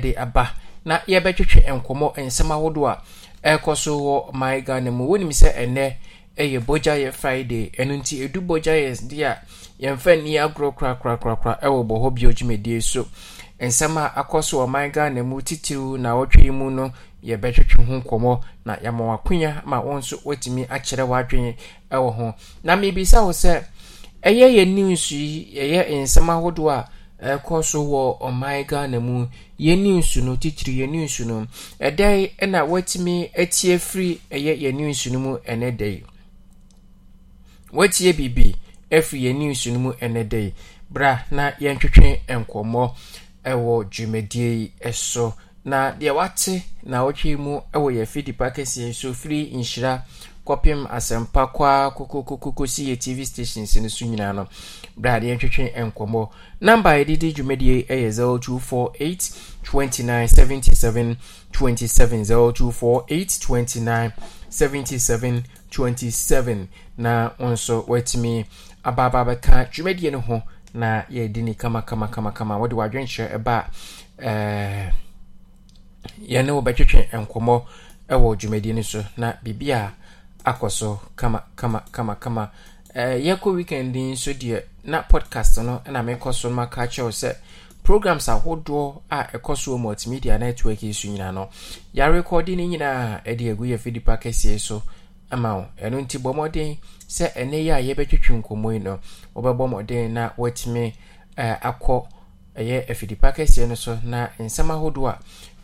de aba na yɛbɛtwetwe nkɔmɔ nsɛm ahodoɔ a ɛkɔ so wɔ my ghana mu wɔnim sɛ ɛnɛ ɛyɛ yɛ friday ɛno nti ɛdu bogyayɛ de a yɛmfa nni agorɔ korakorakorakora ɛwɔ bɔ hɔ bio dwumadie so nsɛm a akɔ so wɔ my ghana mu titiriw na wɔtwe yi mu no yɛbɛtwetwe ho nkɔmɔ na yɛama wakonya ma wɔn nso wɔatumi akyerɛ w'adwene ɛwɔ ho na mebisa wo sɛ ɛyɛ yɛ news yi ɛyɛ nsɛm ahodoɔ a ɛkɔ so wɔ ɔman ghana mu yɛn nsu no titiri yɛn nsu no ɛdan ɛna wɔatumi atie firi ɛyɛ yɛn nsu no mu ɛnɛ dɛ yi wɔatie biribi afiri yɛn nsu no mu ɛnɛ dɛ yi bra na yɛntwetwe nkɔmɔ ɛwɔ dwumadie yi ɛso na deɛ wate na wɔtwe mu ɛwɔ yɛn fidi pa nso firi nhyira. kɔpem asɛmpa kɔa kokokokoko si yɛ tv stations no so nyinaa no berɛ adeɛ ntwetwe nkɔmmɔ namba a yɛde di dwumadie yɛ 0248 29 77 27 0248 29 77 27 na wo nso woatumi abaaba bɛka dwumadie no ho na yɛdi ni kamakamakama wode wadwenkyerɛ ɛba a eh, yɛne wobɛtwetwe nkɔmmɔ wɔ dwumadie no so na biribia akɔ so kamakamakamakama eh, yɛkɔ weekend yi nso deɛ na podcast no na mekɔ so no maka kyerɛw sɛ programs ahodoɔ a ɛkɔ so wɔ multimedia network yi so nyinaa no yɛarekɔde no nyinaa ɛde agu yɛ fidipa kɛseɛ so ama wo ɛno nti bɔ mmɔden sɛ ɛnɛ yi a yɛbɛtwitwi nkɔmmɔ yi no wɔbɛbɔ mmɔden na wɔatumi eh, akɔ ɛyɛ afidipa kɛseɛ no so na nsɛm ahodoɔ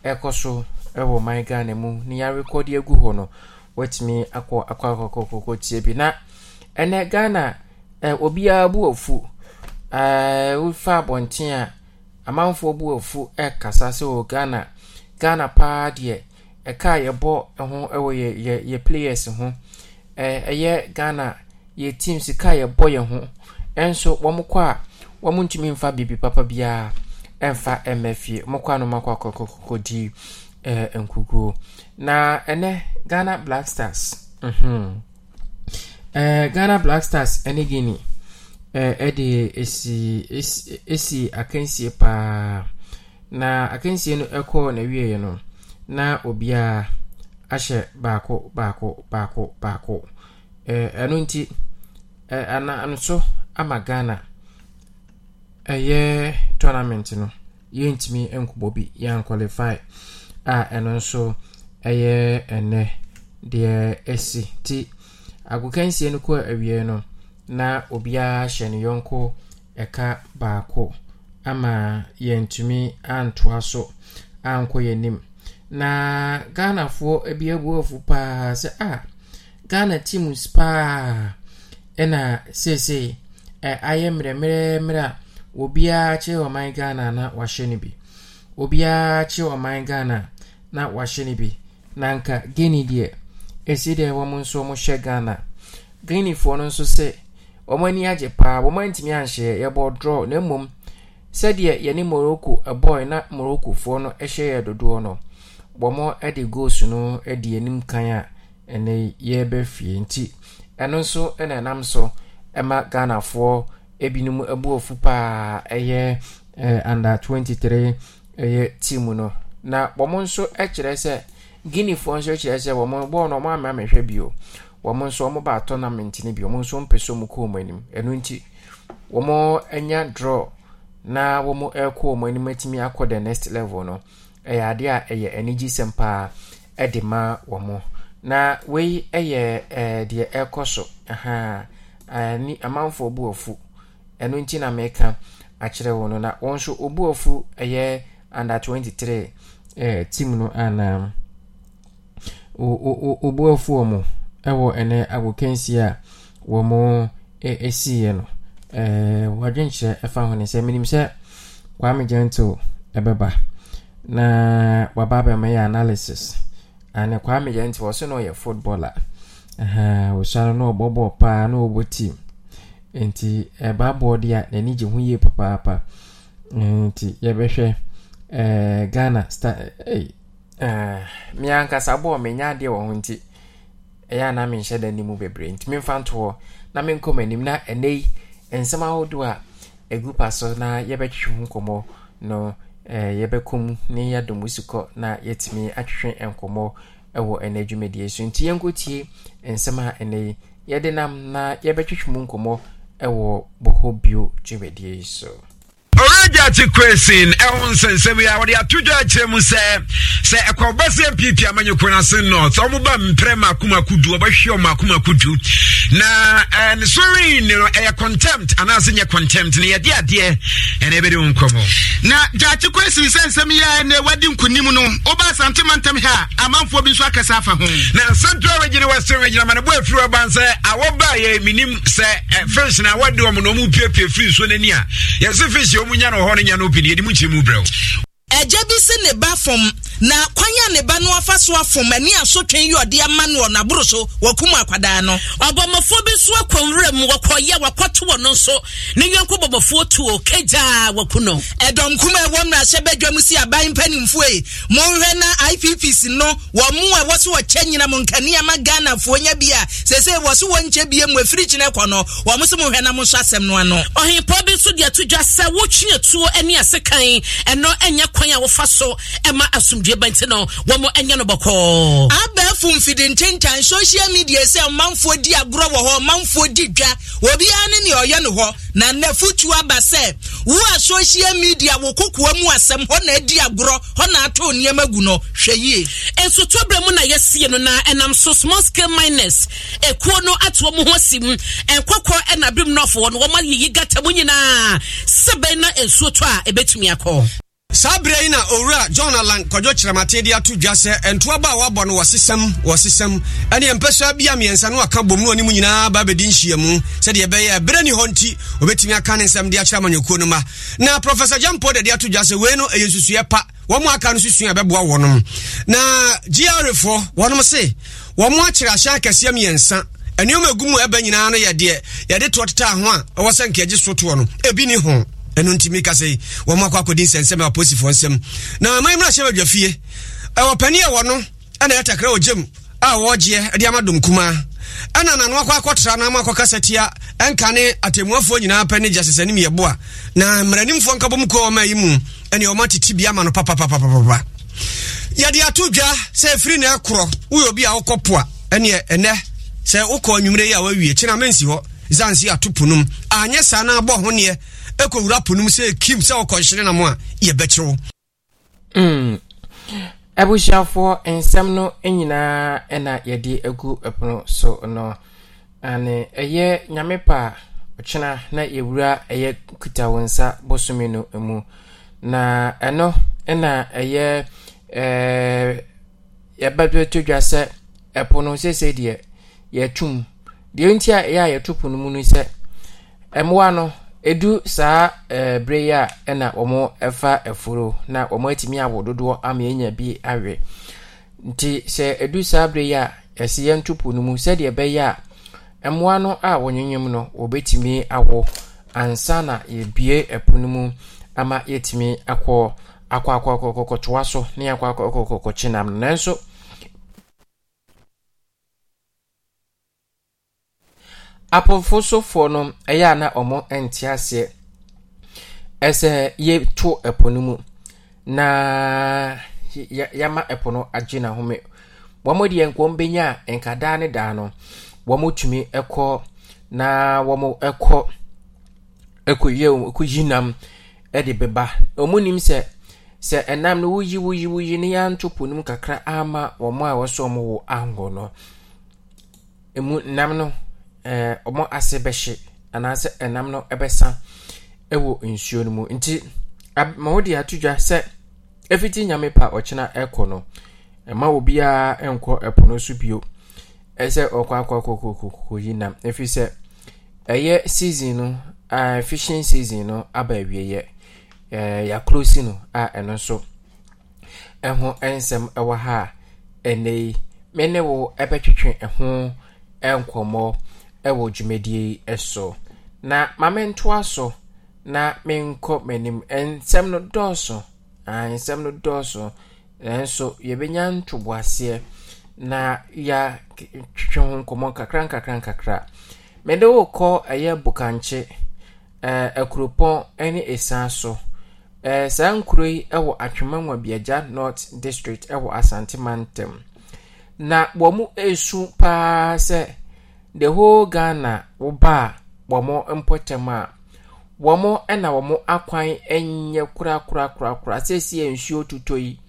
a ɛkɔ so ɛwɔ man ghana mu ne yɛarekɔde agu hɔ no watumi akɔ akɔakɔkɔkɔkɔ tie bi na ɛnɛ ghana obiara bu afu wofa abɔnten a amanfoɔ bu afu kasa sɛ wɔ oh, ghana ghana paa deɛ ɛka a yɛbɔ ho wɔ yɛ players ho ɛyɛ ghana yɛ team sika a yɛbɔ yɛn ho ɛnso wɔn mfa biribi papa biara ɛmɛ fie wɔn na ɛnɛ. ghana black stars mm-hmm. eh, ghana black stars ne guinea ɛde eh, eh, ɛsi akansie paa na akansie no ɛkɔɔ na wieɛ no na obiara ahyɛ baako baako baako baako ɛno nti nso ama ghana ɛyɛ tournament no yɛntumi nkɔbɔ bi yɛanqualify a ɛno nso ɛyɛ ɛnɛ deɛ ɛsi ti agokansie no kɔ awie no na obiara hyɛ ne yɔnko ɛka baako ama yɛntumi antoa so ankɔ yɛnim na ghanafoɔ bi abuafu paa sɛ a ghana teams paa ɛna seesei ayɛ mmerɛmmerɛmmerɛ a obiara kye ɔman ghana na wahyɛ no bi obiara kyerɛ ɔman ghana na wahyɛ no bi nanka guine deɛ ɛsi deɛ wɔn nso hyɛ ghana guinefoɔ no nso sɛ wɔn ani agye paa wɔn antumi anhyɛ yɛbɔ draw na mmom sɛdeɛ yɛne morocco ɛbɔe na moroccofoɔ no ɛhyɛ yɛ dodoɔ no wɔn ɛde goals no ɛdi anim kan a ɛna yɛrebɛ nti ɛno nso ɛna ɛnam so ɛma ghanafoɔ ebinom abu ofu paa ɛyɛ ɛɛ under twenty three ɛyɛ team no na wɔn nso ɛkyerɛ sɛ. guineafoɔ nso kyerɛ sɛ wɔn bɔɔl no wɔn ama amehwɛ bio wɔn nso wɔn baa tournament no bi wɔn nso mpɛ so wɔn kɔn wɔn anim ɛno nti wɔn anya draw na wɔn ɛrekɔ wɔn anim atumi akɔ the next level no ɛyɛ adeɛ a ɛyɛ anigyesɛm paa ɛde ma wɔn na wei ɛyɛ ɛɛ eh, deɛ ɛrekɔ so ɛhaa ɛni eh, amanfoɔ bu afu ɛno nti na mɛka akyerɛ wɔn no na wɔn nso obu afu ɛyɛ under twenty three ɛɛ eh, team no anam obuafoɔ mu ɛwɔ ɛnɛ agokansi a wɔn mo ɛsiiɛ no ɛɛ wadwenkyerɛ ɛfa ho ne sɛ menim sɛ kwame gentle ɛbɛba na waba abɛmɛyɛ analysis ane kwame gentle ɔso na ɔyɛ footballer ha, ɔsuare na ɔbɔ bɔɔl paa na ɔbɔ team nti ɛba bɔɔl deɛ a n'ani gye ho yie papaapa nti yɛbɛhwɛ ɛɛ ghana star Eh, meankasa bɔɔ menya adeɛ wɔ ho nti ɛyɛ eh, na menhyɛ da ni mu bebree nti memfa nto hɔ na menkɔ m'anim na ɛnɛ yi nsɛm ahodoɔ a ɛgu pa so na yɛbɛtwetwe ho nkɔmmɔ no eh, yɛbɛkɔ mu ne yɛadom wo sikɔ na yɛtumi atwetwe nkɔmmɔ ɛwɔ ɛnɛ dwumadie so nti yɛnkɔtie nsɛm a ɛnɛ yi yɛde nam na yɛbɛtwetwe mu nkɔmmɔ wɔ bɔhɔ bio dwumadie so gyakye kwesin ɛho nsɛnsɛm yi a wɔde ato dwa akyerɛ mu sɛ sɛ ɛkɔba sɛ pipi amanyɛkɔ no ase nɔt ɔmo ba mprɛ maakomakodu ɔbɛhwe ɔ maakomakodu na ne so rin no ɛyɛ contempt anaasɛ nyɛ contempt no yɛde adeɛ ɛne ɛbɛde wo nkɔmmɔ na gyakye kwesin sɛ nsɛm yi a ɛnɛ wadi nkonim no woba asantemantam hɛ a amanfoɔ bi nso akasa afa ho na central region western region amanebo afiri ɔban sɛ awɔbaayɛ menim sɛ fish na wɔde ɔmo na ɔmo piapia firi nsuo n'ani a yɛse fish ɔmo nya na ɔhɔ no nya no opini yɛde mu nkyerɛ mu brɛ wo bi se ne ba fam na kwan a ne ba no afa so afom ani asotwe yi ɔde ama no ɔnaboro so wakum akwadaa no ɔbɔmmɔfoɔ bi so akɔnwura mu wɔkɔyɛ wakɔto wɔ no nso ne yɔnko bɔmmɔfoɔ tuo kagyaa waku no ɛdɔnkum a ɛwɔ mmarahyɛ bɛdwa mu si aban mpanimfoɔ yi monhwɛ na ipps no wɔn mu a ɛwɔ so wɔkyɛ nyina mu nkaneama ghanafoɔ nya bi a sɛsɛ wɔ so wɔnkyɛ bie mu afiri kyinɛ kɔ no wɔn so monhwɛ na mo nso asɛm no ano ɔhempɔ bi nso deɛ to dwa sɛ wotwe atuo ne asekan ɛno ɛnyɛ kwan a wɔfa so ɛma asomdwe adeɛ bɛn no wɔn ɛnyɛ no bɔkɔɔ. abɛɛfo mfidi nkyɛnkyɛn social sɛ ɔmanfoɔ di agorɔ wɔ hɔ ɔmanfoɔ di dwa obiara ne nea ɔyɛ no hɔ na nafutu aba sɛ wo a social media wo kokoa mu asɛm hɔ na adi agorɔ hɔ na ato nneɛma gu no hwɛ yie. nsotɔ bere mu na yɛsie no na ɛnam so small scale miners ekuo no ato wɔn ho si mu nkɔkɔ ɛna birim nɔfoɔ no wɔn ayiyi gata mu nyinaa sɛbɛn na nsuo a ebɛtumi akɔ. saa berɛ yi na owura john alan kɔdwo kyerɛmate de ato dwa sɛ ntoaba a wabɔ no wɔsesɛm wɔsesɛm ɛne mpɛsoa bi a mmiɛnsa no aka bom no anim nyinaa ba bɛdi nhyiamu sɛdeɛ ɛbɛyɛ ɛberɛ ni hɔ nti wɔbɛtumi aka ne nsɛm de akyerɛ amanyɛkuo no ma na prɔfɛsɛ gyampo paul de ato dwa sɛ wei no ɛyɛ nsusuɛ pa wɔn aka no susua bɛboa wɔnom na gyarefoɔ wɔnom se wɔn akyerɛ ahyɛ akɛseɛ mmiɛnsa nneɛma egu mu ɛbɛ nyinaa no yɛ deɛ yɛde toɔ teta ho a ɛwɔ sɛ nkɛgye so toɔ no ebi ni ho ɛno nti meka sɛ wɔm akɔ akɔdi nsɛnsɛm aposifoɔ nsɛm na ma mmra hyɛ badwa fie ɛwɔ e, pani ɛwɔ no ɛna ɛtakra ɔgyam a wɔgyeɛ e, de ama dom kumaa ɛna nano akɔ akɔtra na ama akɔkasa tia ɛnka ne atemmuafoɔ nyinaa pɛ ne gya sesɛ ne miyɛbo a na mmaranimfoɔ nka bɔm kɔɔ ɔma yi mu ɛne ɔma tete bia ma no papapapapapa yɛde ato dwa sɛ ɛfiri ne ɛkorɔ woyɛ obi a wokɔ po a ɛneɛ ɛnɛ sɛ wokɔ anwumerɛ yi a woawie kyena mensi hɔ zansi ato pono mu anyɛ saa na abɔ ho neɛ ɛkɔwura pono mu sɛ kim sɛ wɔkɔhyere nam a yɛbɛkyerɛ wo mm. nsɛm no nyinaa ɛna yɛde agu ɛpono so no ane ɛyɛ nyame pa ɔkyena na yɛwura ɛyɛ kuta wo nsa bosome no mu na ɛno ɛna ɛyɛ ɛɛ yɛbɛbɛto dwa sɛ ɛpo no deɛ yɛtum deɛ nti a ɛyɛ a yɛto po no mu no sɛ mmoa no edu saa berɛ yi a ɛna wɔn fa afuro na wɔn atumi awo dodoɔ ama ɛnya bi awe nti sɛ edu saa berɛ yi a yɛsi yɛn to po no mu sɛdeɛ ɛbɛyɛ a mmoa no a wɔnyenyam no wɔbɛtumi awo ansa na yɛbue ɛpo mu ama yɛtumi akɔ akɔ akɔ akɔ kɔkɔtoa so ne akɔ akɔ akɔ kɔkɔ kyenam no nanso. apɔfosofoɔ no ɛyɛ a na ɔmo nte aseɛ ɛsɛ yɛto ɛpo no mu na yɛama ɛpo no agye n'ahome wɔn deɛ nkɔm bɛnya a nkadaa ne daa no wɔn tumi ɛkɔ na wɔn ɛkɔ ɛkɔyie yi nam ɛde bɛba wɔn nim sɛ sɛ ɛnam no woyi woyi woyi ne yɛanto po no mu kakra ama wɔn a wɔsɔ wɔn wɔ angɔ no emu nam no. Eh, ɔmo ase bɛhye anaasɛ ɛnam no bɛsa wɔ nsuo no mu nti ma wode ato dwa sɛ efiti nyame pa ɔkyena ɛkɔ no ɛma obiara nkɔ ɛpo no so bio ɛsɛ ɔkɔ akɔ kokokoko yi nam ɛfiri sɛ ɛyɛ season no uh, fishing season no aba awieɛ uh, eh, yɛakorosi no a ɛno nso ɛho nsɛm ɛwɔ ha a ɛnɛ yi me ne wo ɛbɛtwetwe ɛho nkɔmmɔ ɛwɔ dwumadie yi so na maame ntoa so na menkɔ m'anim nsɛm no dɔɔso nsɛm no dɔɔso nanso yɛbɛnya ntoboaseɛ na ya twitwe ho nkɔmmɔ nkakra nkakra nkakra mede wokɔ ɛyɛ bokankye ɛɛ akuropɔn ɛne esan so ɛɛ saa nkuro yi ɛwɔ atwema nwabiagya north district ɛwɔ asante mantam na wɔn esu paa sɛ. the whole ghana woba a wɔn mpɔtam a wɔn na wɔn akwan nyɛ korakorakorakora sɛsi yɛ nsuo tutɔ yi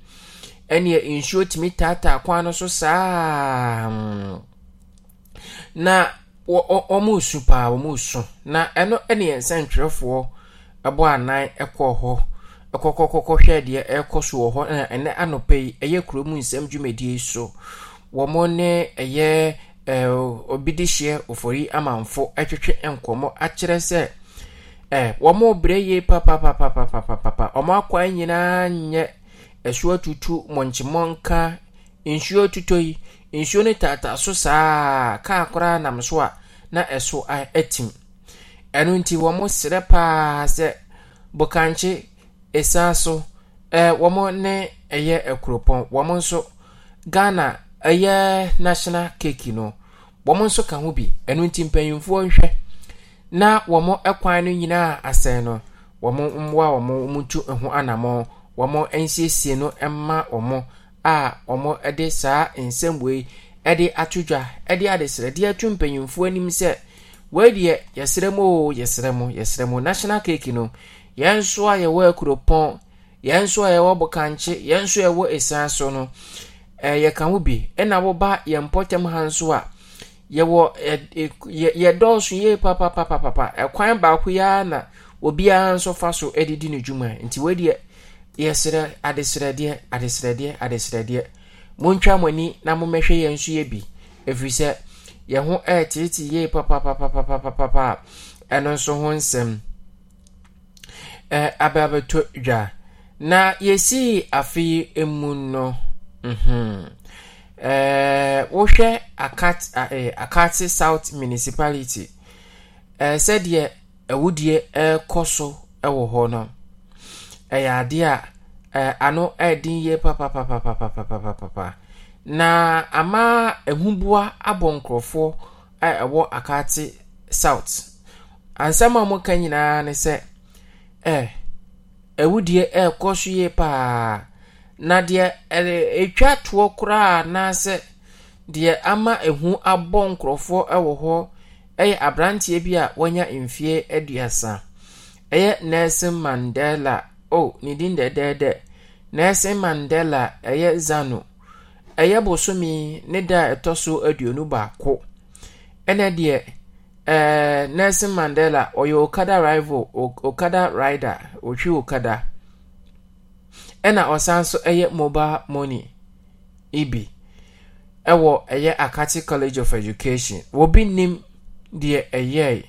ɛne nsuo tumi taata kwan no so saa na wɔn resu paa wɔn resu na ɛno ne yɛn nsa ɛbɔ anan kɔɔ hɔ kɔkɔkɔkɔ hwɛ deɛ ɛrekɔ so wɔ hɔ na ɛnɛ anɔpɛ yi ɛyɛ kurom nsɛm dwumadie so wɔn ne ɛyɛ. Eh, obi de hyeɛ ofori amanfo twetwe nkɔmmɔ akyerɛ sɛ eh, wɔmo berɛ yie papapapapapapa ɔmo akwan nyinaa nyɛ ɛsoɔ tutu mɔnkyemɔnka nsuo tutɔ yi nsuo no taataa so saa kaa koraa nam so a na ɛso atim ɛno nti wɔ mo paa sɛ bukankye ɛsa so eh, wɔmo ne ɛyɛ akuropɔn wɔmo nso ghana ɛyɛ national cake no wɔn nso ka ho bi ɛno nti mpanyinfoɔ nhwɛ na wɔn kwan no nyinaa asɛn no wɔn mmoa wɔn wɔn tu ho anamɔ wɔn nsiesie no mma wɔn a wɔn de saa nsɛmbo yi de ato dwa de adesrɛdeɛ ato mpanyinfoɔ anim sɛ wɔadeɛ yɛsrɛ mu o yɛsrɛ mu yɛsrɛ mu national cake no yɛn nso a yɛwɔ akuropɔn yɛn nso a yɛwɔ bokankye yɛn nso a yɛwɔ esan so no. yɛka wo bi ɛna woba yɛn mpɔtam ha nso a yɛwɔ yɛdɔɔso yie papapapapa ɛkwan baako yia na obiara nso fa so ɛdidi di dwuma nti wadeɛ yɛsrɛ adesrɛdeɛ adesrɛdeɛ adesrɛdeɛ montwa mo ani na mommɛhwɛ yɛn nso yɛ bi ɛfiri sɛ yɛn ho ɛɛteete yie a ɛno nso ho nsɛm ɛɛ abɛabɛtɔ dwa na yɛsi afei emu no. Mm-hmm. Eh, wohwɛ eh, eh, akate south municipality sɛdeɛ awudie ɛkɔ so wɔ hɔ no ɛyɛ adeɛ a ano ɛden yie papapapapapapapa na ama ahubua abɔ nkurɔfoɔ a ɛwɔ akate south ansɛm a moka nyinaa ne sɛ awudie ɛkɔ so yie paa na deɛ ɛtwa toɔ koraa anaasɛ deɛ ama ehu abɔ nkurɔfoɔ ɛwɔ hɔ ɛyɛ aberanteɛ bi a wanya mfeɛ aduasa ɛyɛ nelson mandela o ne din dɛdɛɛdɛ nelson mandela ɛyɛ zano ɛyɛ bosomi ne da a ɛtɔ so aduonu baako ɛnɛ deɛ ɛɛ nelson mandela ɔyɛ okada rival okada rider otwi okada. ɛna ɔsan so yɛ mobile money ibi ɛwɔ ɛyɛ akate college of education wɔbi nim deɛ ɛyɛe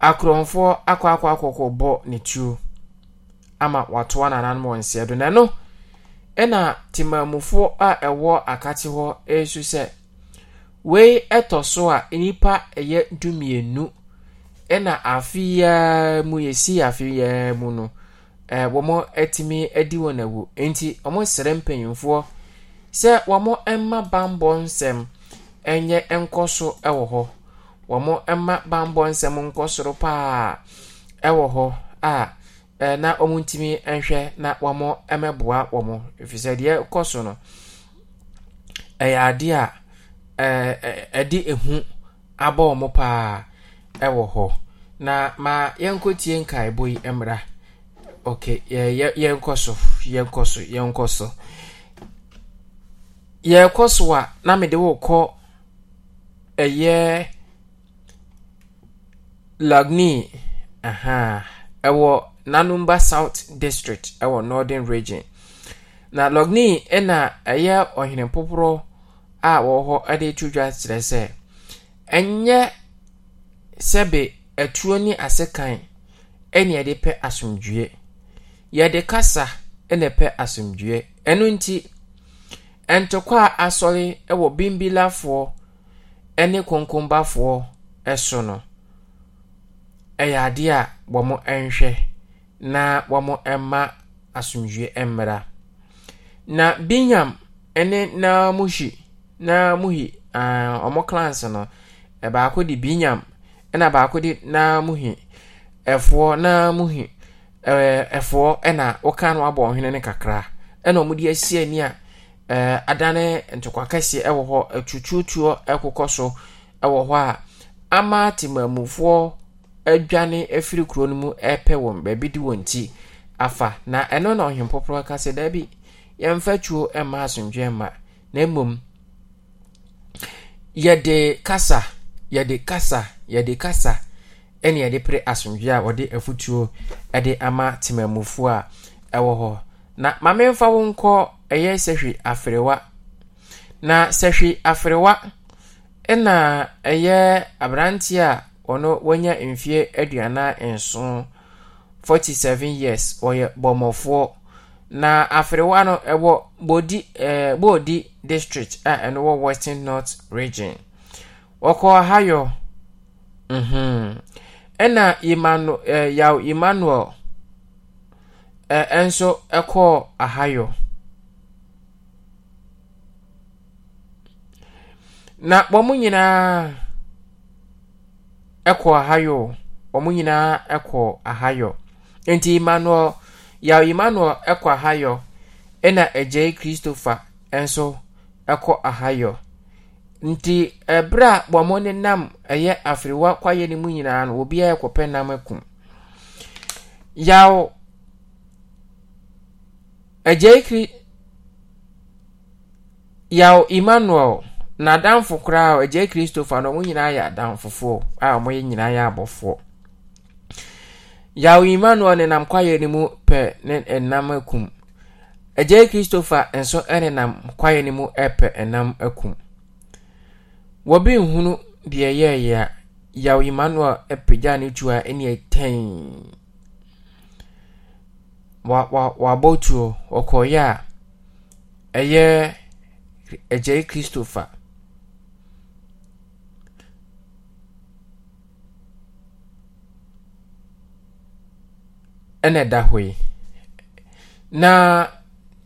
Akoronfoɔ akɔ akɔ bɔ ne tuo ama watoa nananom wɔ nsia do n'ano ɛna temamufoɔ a ɛwɔ akate hɔ ɛresu sɛ wei ɛtɔ so a nnipa ɛyɛ dumienu ɛna afeyaa mu yɛsi afeyaa mu no ɛɛ wɔn atumi adi wɔn awu nti wɔn srɛ mpanyinfoɔ sɛ wɔn mma bambɔ nsɛm ɛnyɛ nkɔ so ɛwɔ hɔ wɔn mma bambɔ nsɛm nkɔ soro paa ɛwɔ hɔ a ɛɛ na wɔn ntumi nhwɛ na wɔn mmɛboa wɔn efisɛ deɛ ɛkɔ so no ɛyɛ adeɛ a ɛɛ ɛde ehu abɔ wɔn paa. ɛwɔ hɔ na ma yɛnkɔtie nkaebo yi mmra ok yɛnkɔ so yɛnkɔ so yɛnkɔ so yɛrekɔ so a na mede wokɔ ɛyɛ lagni aha ɛwɔ nanumba south district ɛwɔ northern region na lagni ɛna ɛyɛ ɔhene poporɔ a wɔwɔ hɔ ɛde tu dwa kyerɛ sɛ ɛnyɛ sɛbe atuo ne asekan ɛne yɛde pɛ asomdwoe yɛde kasa ɛna pɛ asomdwoe ɛno nti ntɔkwa a asɔre ɛwɔ bimbilafoɔ ɛne konkombafoɔ ɛso no ɛyɛ adeɛ a wɔn ɛnhwɛ na wɔn ɛma asomdwoe ɛmmra na binyam ɛne naamuhi naamuhi ɛɛ wɔn clans no ɛbaako de binyam ɛna baako de naa ɛfoɔ naa ɛɛ ɛfoɔ ɛna wɔka no abɔ ɔhene ne kakra ɛna wɔn de asi ani a ɛɛ adane ntokwa kɛseɛ ɛwɔ hɔ ɛtutuotuo ɛkokɔ so ɛwɔ hɔ a ama temamufoɔ adwane afiri kuro no mu ɛpɛ wɔn baabi di wɔn ti afa na ɛno na ɔhen pɔpɔ kasa daabi yɛmfa tuo ɛma asomdwe ma na mmom yɛde kasa. yɛde kasa yɛde kasa ɛne yɛde pere asomdwe a wɔde afutuo ɛde ama temamufoɔ a ɛwɔ hɔ na maame mfa wo nkɔ ɛyɛ sɛhwe afrewa na sɛhwe afrewa ɛna ɛyɛ aberanteɛ a ɔno wanya mfie aduana nson forty seven years ɔyɛ bɔmmɔfoɔ na afrewa no ɛwɔ bodi ɛɛ eh, bodi district a ɛno wɔ western north region. wɔkɔɔ hayɔ mm-hmm. ɛna yaw emmanuel ɛnso ɛkɔɔ ahayɔ na wɔn nyinaa ɛkɔɔ ahayɔ wɔn nyinaa ɛkɔɔ ahayɔ nti emmanuel yaw emmanuel ɛkɔ ahayɔ ɛna agyei christopher ɛnso ɛkɔ ahayɔ. nti ɛberɛ a wɔn nenam ɛyɛ afiriwa kwaeɛ no mu nyinaa no obiara kɔpɛ nam ako yaw agyaikiri yaw emmanuel n'adamfo koraa agyae kristofa na wɔn nyinaa yɛ adamfofoɔ a wɔyɛ nyinaa yɛ abɔfoɔ yaw emmanuel nenam kwaeɛ no mu pɛ ne nam akum agyae kristofa nso nenam kwaeɛ no mu pɛ nam akum wɔbi nhunu deɛ yɛɛyɛ e e e a yaw emmanuel apagya ne tua ne ɛtɛn wabɔ tuo ɔkɔɔyɛ a ɛyɛ agyɛe christopher ɛna ɛda hɔ yi na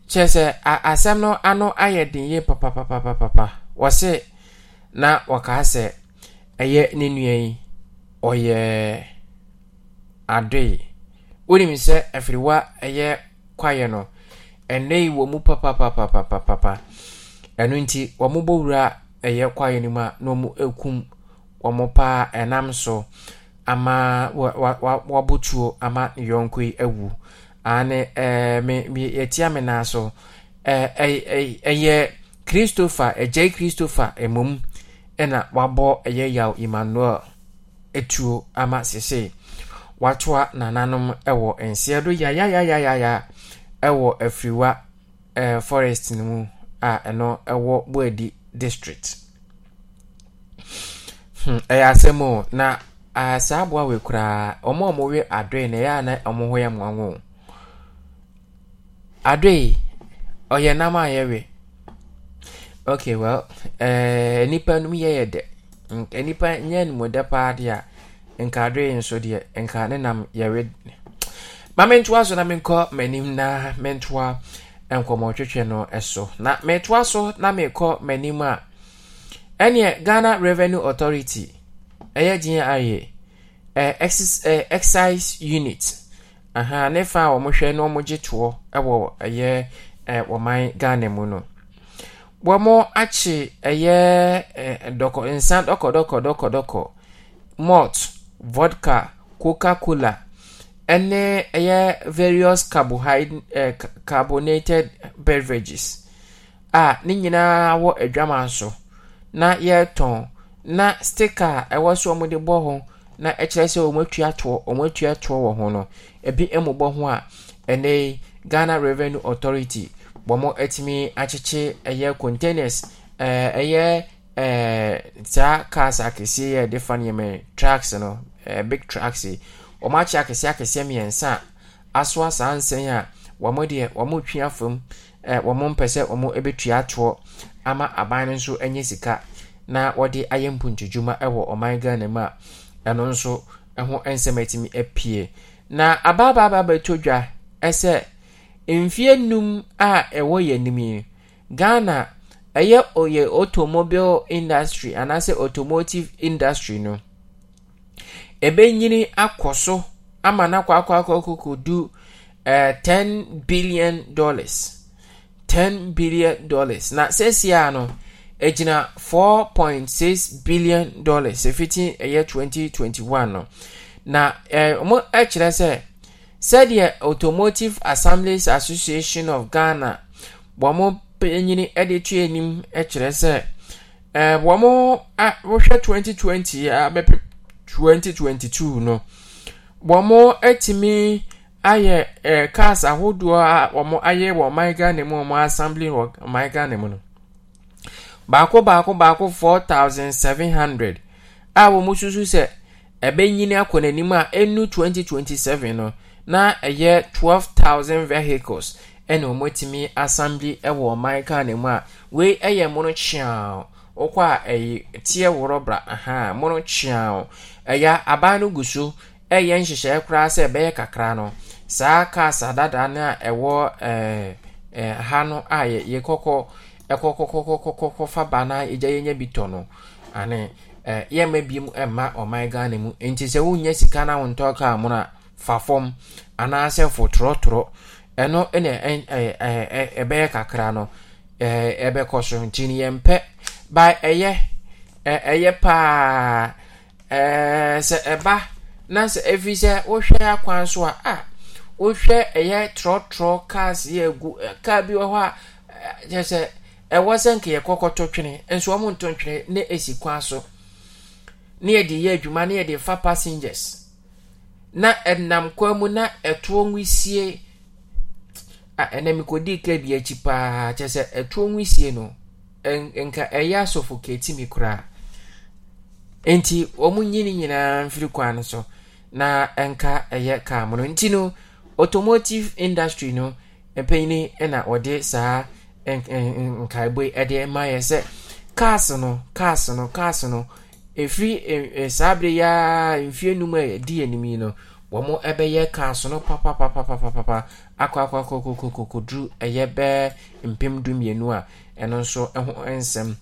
kyerɛ sɛ asɛm no ano ayɛ den yie papapapapapa wɔse. Pa, na wɔkaa sɛ ɛyɛ nenua yi ɔyɛ adoe wonim sɛ efiriwa ɛyɛ kwaeɛ no ɛnɛ yi wɔ mu papapapapapa ɛno nti wɔ mo bɔwura ɛyɛ kwaeɛ no mu a na ɔmo akum wɔ mo paa ɛnam so ama wabotuo ama ne yɔnko yi awu ane yɛtia me naa so ɛyɛ kristofa agyae kristofa emum. ɛna wabɔ ɛyɛ yaw emmanuel etuo ama sese watoa nananom ɛwɔ nsia do yayayayaya ɛwɔ efiriwa ɛɛ forest no mu a ɛno ɛwɔ boadi district hmm ɛyɛ asɛm o na saa aboa wei koraa ɔmo a ɔmo we adoe na ɛyɛ a na ɔmo ho yɛ mmoa wɔn adoe ɔyɛ nam a yɛwe. okay well nnipa eh, nipa nom yɛ yɛ dɛ nipa nyɛ animuonyɛ paa deɛ a nka adoe nso deɛ nka ne nam yɛwe ma mentoa so na menkɔ m'anim na mentoa nkɔmmɔtwetwe no so na metoa so na mekɔ m'anim a ɛneɛ ghana revenue authority ɛyɛ gye ayɛ eh, eh, excise unit aha ne fa a wɔhwɛ na wɔgye toɔ wɔ ɛyɛ wɔman ghana mu no wɔmo akye ɛyɛ dɔkɔ nsa dɔkɔdɔkɔdɔkɔdɔkɔ malt vodka coca cola ɛne ɛyɛ various carbohydrate eh, carbonated beverages a ne nyinaa wɔ adwama so na yɛretɔn na sticker a ɛwɔ so wɔn de bɔ ho na ɛkyerɛ sɛ wɔn atua toɔ wɔn atua toɔ wɔ ho no ebi ho a Ghana Revenue Authority wɔn atumi akyekye ɛyɛ containers ɛɛ ɛyɛ ɛɛ saa cars akɛseɛ yɛ de fa nneɛma trucks no ɛɛ big trucks yi wɔn akyɛ akɛseɛ akɛseɛ mmiɛnsa a asoa saa nsɛn a wɔn deɛ wɔn retwi afam ɛɛ wɔn mpɛ sɛ wɔn ɛbɛtua atoɔ ama aban no nso ɛnyɛ sika na wɔde ayɛ mpuntudwuma ɛwɔ ɔman ghana mu a ɛno nso ɛho nsɛm ɛtumi ɛpie na abaabaaba abɛtɔ dwa ɛsɛ. mfeɛ num a ɛwɔ yɛ anim yi ghana ɛyɛ ɔyɛ automobile industry anaasɛ automotive industry no ɛbɛnyini akɔ so ama no akɔ akɔ akɔ kɔkɔdu 10 eh, billion dollars 10 billion dollars na sɛsia no ɛgyina 4.6 billion dollars efiti ɛyɛ 2021 no na ɛmo eh, uh, ɛkyerɛ sɛdeɛ automotive assemblies association of ghana wɔn mo panyini de tu anim kyerɛ sɛ ɛɛ eh, wɔn a wɔhwɛ 2020 a bɛpɛ 2022 no wɔn atumi ayɛ ɛɛ eh, cars ahodoɔ a wɔn ayɛ wɔ ɔman ghana mu wɔn assembly wɔ ɔman ghana mu no baako baako baako 4700 a wɔn susu sɛ ɛbɛnyini akɔ n'anim a ɛnu 2027 no. na ɛyɛ 12000 vehicles ɛna wɔatumi assembly ɛwɔ ɔman kaa ne mu a wei yɛ mono kyeaw wokɔ a ɛyɛ teɛ worɔbra aha mono kyeaw ɛyɛ aban no gu so ɛyɛ nhyehyɛe koraa sɛ ɛbɛyɛ kakra no saa cars adada no a ɛwɔ ɛɛ ɛɛ ha no a yɛ yɛkɔkɔ ɛkɔkɔkɔkɔkɔ fa ba na egya yɛnya bi tɔ no ane ɛɛ yɛmma bi mu ɛma ɔman kaa ghana mu nti sɛ wonnya sika na wɔntɔ kaa mu a fa fam anaasɛ fotorɔtorɔ ɛno ne ɛbɛyɛ kakra no ɛbɛkɔ so nti no yɛmpɛ ba ɛyɛ ɛyɛ paa sɛ ɛba na sɛ ɛfiri sɛ wohwɛ akwan so a a wohwɛ ɛyɛ trɔtrɔ cars yɛ agu car bi wɔ hɔ a kyɛ sɛ ɛwɔ sɛ nkeɛ yɛkɔkɔtɔ twene nso ɔmo ntɔ twene ne esi kwan so ne yɛde yɛ adwuma ne yɛde fa passengers na ɛnam kwan mu na ɛtoɔ nwisie a ɛnam kodi ka bi akyi paa kyɛ sɛ ɛtoɔ nwisie no nka ɛyɛ asɔfo kɛti mi koraa nti wɔn nyi nyinaa mfiri kwan no so na nka ɛyɛ kaa mu no nti no automotive industry no mpanyin na ɔde saa nkaebo yi ɛde ɛma yɛ sɛ cars no kaas no kaas no. Cars no efi saa berɛ yia mfie num a yɛdi anim yi no wɔn bɛyɛ kaa so no papapapapapa akɔ akɔ akɔ kokokoduru ɛyɛ bɛɛ mpem du mmienu a ɛno nso ho nsɛm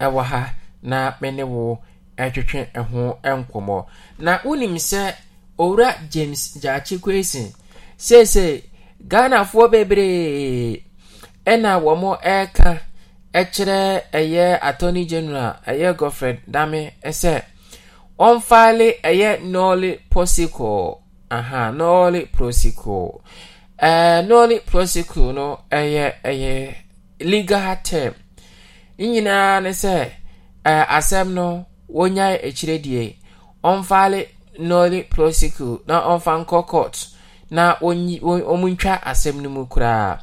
ɛwɔ ha na mene wo ɛtwetwe ɛho nkɔmmɔ na wonim sɛ owura james jaakye kwesin seesei ghanafoɔ bebree ɛna wɔn ɛka. kyerɛ ɛyɛ attorney general ɛyɛ gofred dame sɛ ɔmfaale ɛyɛ nɔɔle prosicle aha nɔɔle prosicle ɛɛ nɔɔle prosicle no ɛyɛ ɛyɛ legal term ne nyinaa ne sɛ ɛɛ asɛm no wɔnyae akyire die ɔmfaale nɔɔle prosicle na ɔmfa nkɔ court na wɔnyi wɔn wɔn ntwa asɛm no mu koraa.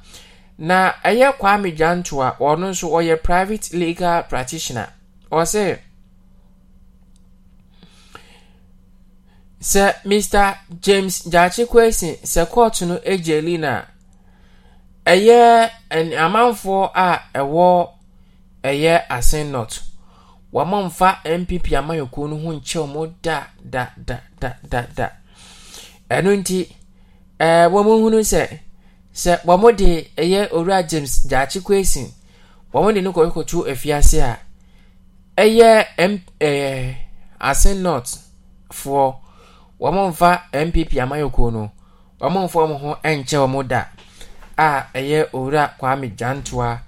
na ɛyɛ kwame gyanto a ɔno nso ɔyɛ private legal practitioner ɔsɛ sɛ mr james gyakye kwesi sɛ kɔɔto no agye li na ɛyɛ amanfoɔ a ɛwɔ ɛyɛ asen not wɔamamfa npp amanyɔkuo no ho nkyɛw mu da da da da da da ɛno nti ɛɛ wɔn mu hunu sɛ. sɛ wɔn mo de ɛyɛ owura james gyaakye kwesin wɔn mo de no kɔkɔtu afiase a ɛyɛ m ɛɛ asen north foɔ wɔn npp amanyɔkuo no wɔn mo mfa wɔn ho nkyɛ wɔn da a ɛyɛ owura kwame jantua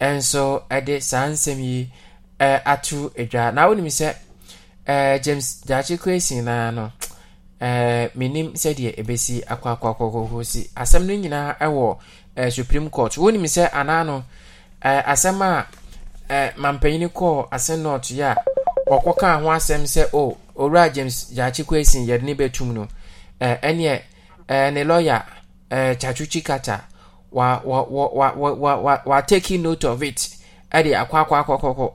nso ɛde saa nsɛm yi ɛɛ ato adwa na wɔn nim sɛ ɛɛ james gyaakye kwesin naa no. Eh, menim sɛdeɛ ɛbɛsi akɔakɔakɔkɔkɔ si asɛm no nyinaa ɛwɔ eh, supreme court wonim sɛ anaa no eh, asɛm a mampanyini kɔɔ ase yɛ a ɔkɔkaa ho asɛm sɛ o owura james gyakyekɔ asin yɛde ne bɛtum no ɛneɛ ne lawyer kyatwukyi kata take note of it ɛde akɔakɔakɔkɔkɔ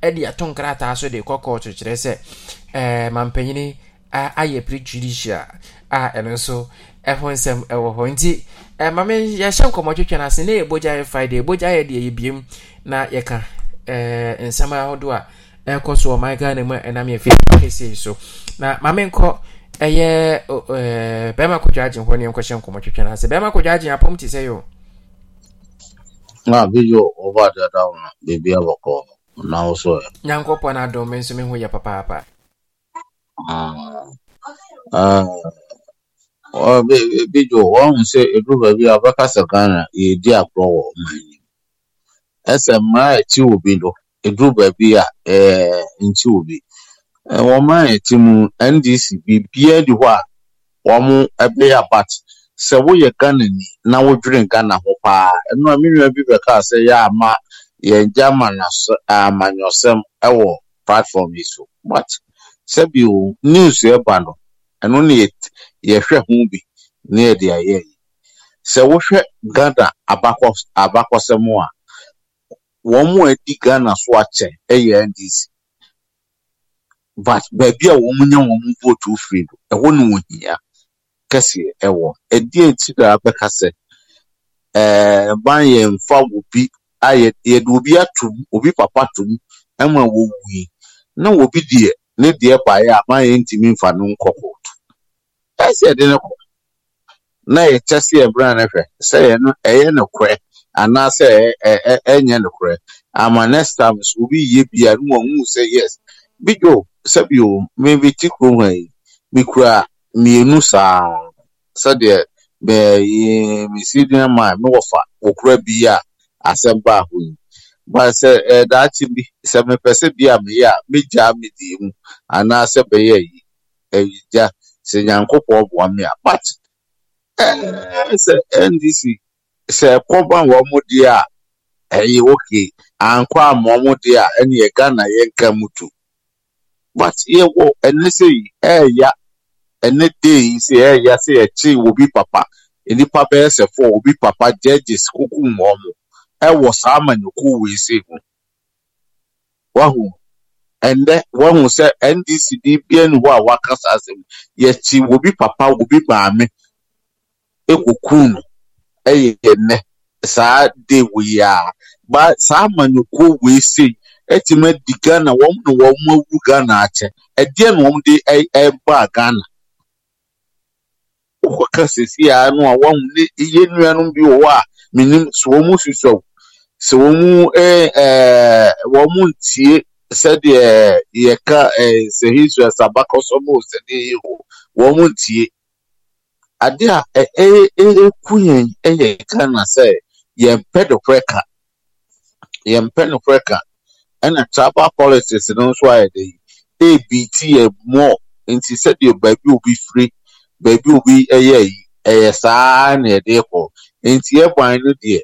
ɛde ato nkrataa so de kɔ court kyerɛ sɛ mampanyini a ayɛ pre judicial a ɛno nso ɛho nsɛm ɛwɔ hɔ nti ɛma me yɛhyɛ nkɔmɔ twetwe no ase na yɛbogya yɛ friday yɛbogya yɛ deɛ yɛbiem na yɛka ɛɛ nsɛm ahodoɔ a ɛkɔ so ɔman ghana mu ɛnam yɛ fie kɛseɛ so na maame nkɔ ɛyɛ ɛɛ bɛrima kodwa agye hɔ ne nkɔhyɛ nkɔmɔ twetwe no ase bɛrima kodwa agye apɔm te sɛ yɛ o. na bijo ɔba adada wɔn beebi abɔkɔ n'ahosuo yɛ. nyankopɔn adɔm nso mi ho yɛ papaapa. bi dwo wɔhu sɛ ɛduru baabi ghana yɛdi agorɔ wɔ ɔman yi ɛsɛ mmara a ɛkyi bi no ɛduru baabi a ɛɛ nkyi bi mu ndc di hɔ a wɔn abat sɛ na ghana ho paa bi bɛka sɛ yɛ ama yɛn gya amanyɔsɛm ɛwɔ platform yi so sɛbio news ɛba no ɛno ne yɛ- yɛhwɛ ho bi na yɛde ayɛ yi sɛ wohwɛ ghana abakɔ abakɔsɛm a wɔn mu a adi ghana so akyɛ ɛyɛ ndc but baabi a wɔn nya wɔn vote firi no ɛhɔ ne wɔn hia kɛseɛ ɛwɔ ɛdi eti na abɛka sɛ ɛɛ ban yɛn fa obi a yɛ- yɛde obi atum obi papa atum ɛma wɔwu yi na obi deɛ ne deɛ kwaeɛ a man yɛ ntumi nfa no nkɔ kootu ɛsɛ yɛde ne kɔ na yɛkyɛ se ɛbrɛ ne hwɛ sɛ yɛ no ɛyɛ ne korɛ anaasɛ ɛnyɛ ne korɛ ama next time so obi yie bia no wɔn mu sɛ yes bi dwo sɛbi o mebi ti kurom ha yi mi kura mmienu saa sɛdeɛ bɛɛ yɛ mesi dina maa mi wɔ fa okura bi a asɛm baako yi. sɛ ɛdaakye eh, bi sɛ mepɛ sɛ bi a meyɛ a megyaa medii mu anaasɛ bɛyɛ ayi agya e sɛ nyankopɔn boa me a but sɛ ndc sɛ ɛkɔba wɔ mo deɛ a ɛyɛ e ankɔ ghana yɛnka mu tu but yɛwɔ ɛne e sɛ yi ɛɛya ɛne dee yi sɛ ɛɛya sɛ yɛkyee papa nnipa bɛyɛ sɛ papa kokum é wɔ no wei sei ho wahu ɛndɛ wahu sɛ ndc de bia ne hɔ a waka saa asɛm yɛkyi wobi papa wobi maame ekoku no ɛyɛ nnɛ saa de wei a ba saa amanyɔkuo wei sei di ghana wɔn na wɔn awu ghana akyɛ ɛdeɛ na wɔn de ghana a no a wɔn iye bi sɛ wɔn mu eh, eh, wɔn mu ntie sɛdeɛ yɛka eh, sɛ hesius abakɔsɔ mu sɛdeɛ yi hɔ wɔn mu ntie adeɛ a ɛyɛ ɛyɛ ku yɛn ɛyɛ ghana sɛ yɛmpɛ nokorɛ ka yɛmpɛ nokorɛ ka ɛna travel policies no nso ayɛ dɛ yi ebi ti yɛ mɔ nti sɛdeɛ baabi obi firi baabi obi ɛyɛ yi ɛyɛ saa na yɛde kɔ nti ɛban no deɛ